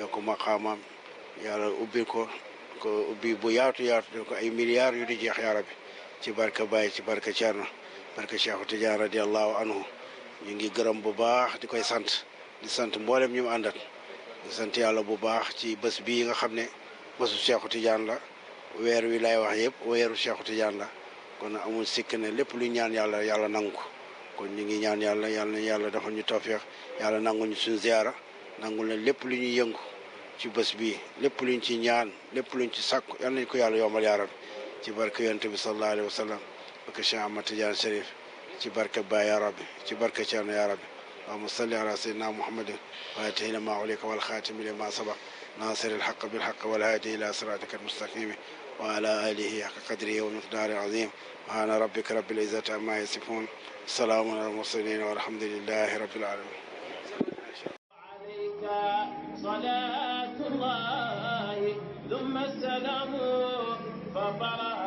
yokk maqaamaam yàlla ubbi ko ko ubbi bu yaatu yaatu def ko ay milliards yu di jeex yaa bi ci barka Baye ci barka Thierno barka Cheikh Tidiane radiallahu anhu ñu ngi gërëm bu baax di koy sant di sant mboolem ñu mu àndat sant yàlla bu baax ci bës bii nga xam ne bësu Cheikhu Tidiane la weer wi lay wax yëpp weeru Cheikhu Tidiane la kon amul sikk ne lépp lu ñaan yàlla yàlla nangu ko kon ñu ngi ñaan yàlla yàlla na yàlla dafa ñu tawfeex yàlla nangu ñu suñu ziyaara nangu na lépp lu ñuy yëngu ci bës bii lépp luñ ci ñaan lépp luñ ci sàkku yàlla nañ ko yàlla yombal yaaram ci barke yonent bi sallallahu alayhi wa sallam ak Cheikh Ahmad Tidiane Chérif ci barka Baay yaa rabbi ci barka Ceerno yaa rabbi allahumma salli ala sayyidina muhammadin wa atihina ma ulika wal xaatimi li ma sabaq nasir alxaq bilxaq wal haadi ila siratika almustaqimi wa ala alihi xaqa qadrihi wa miqdaari azim subhaana rabbika rabbil izzati amma yasifun salaamun ala almursalin walhamdulillahi rabbil alamin صلاة الله ثم السلام فطرها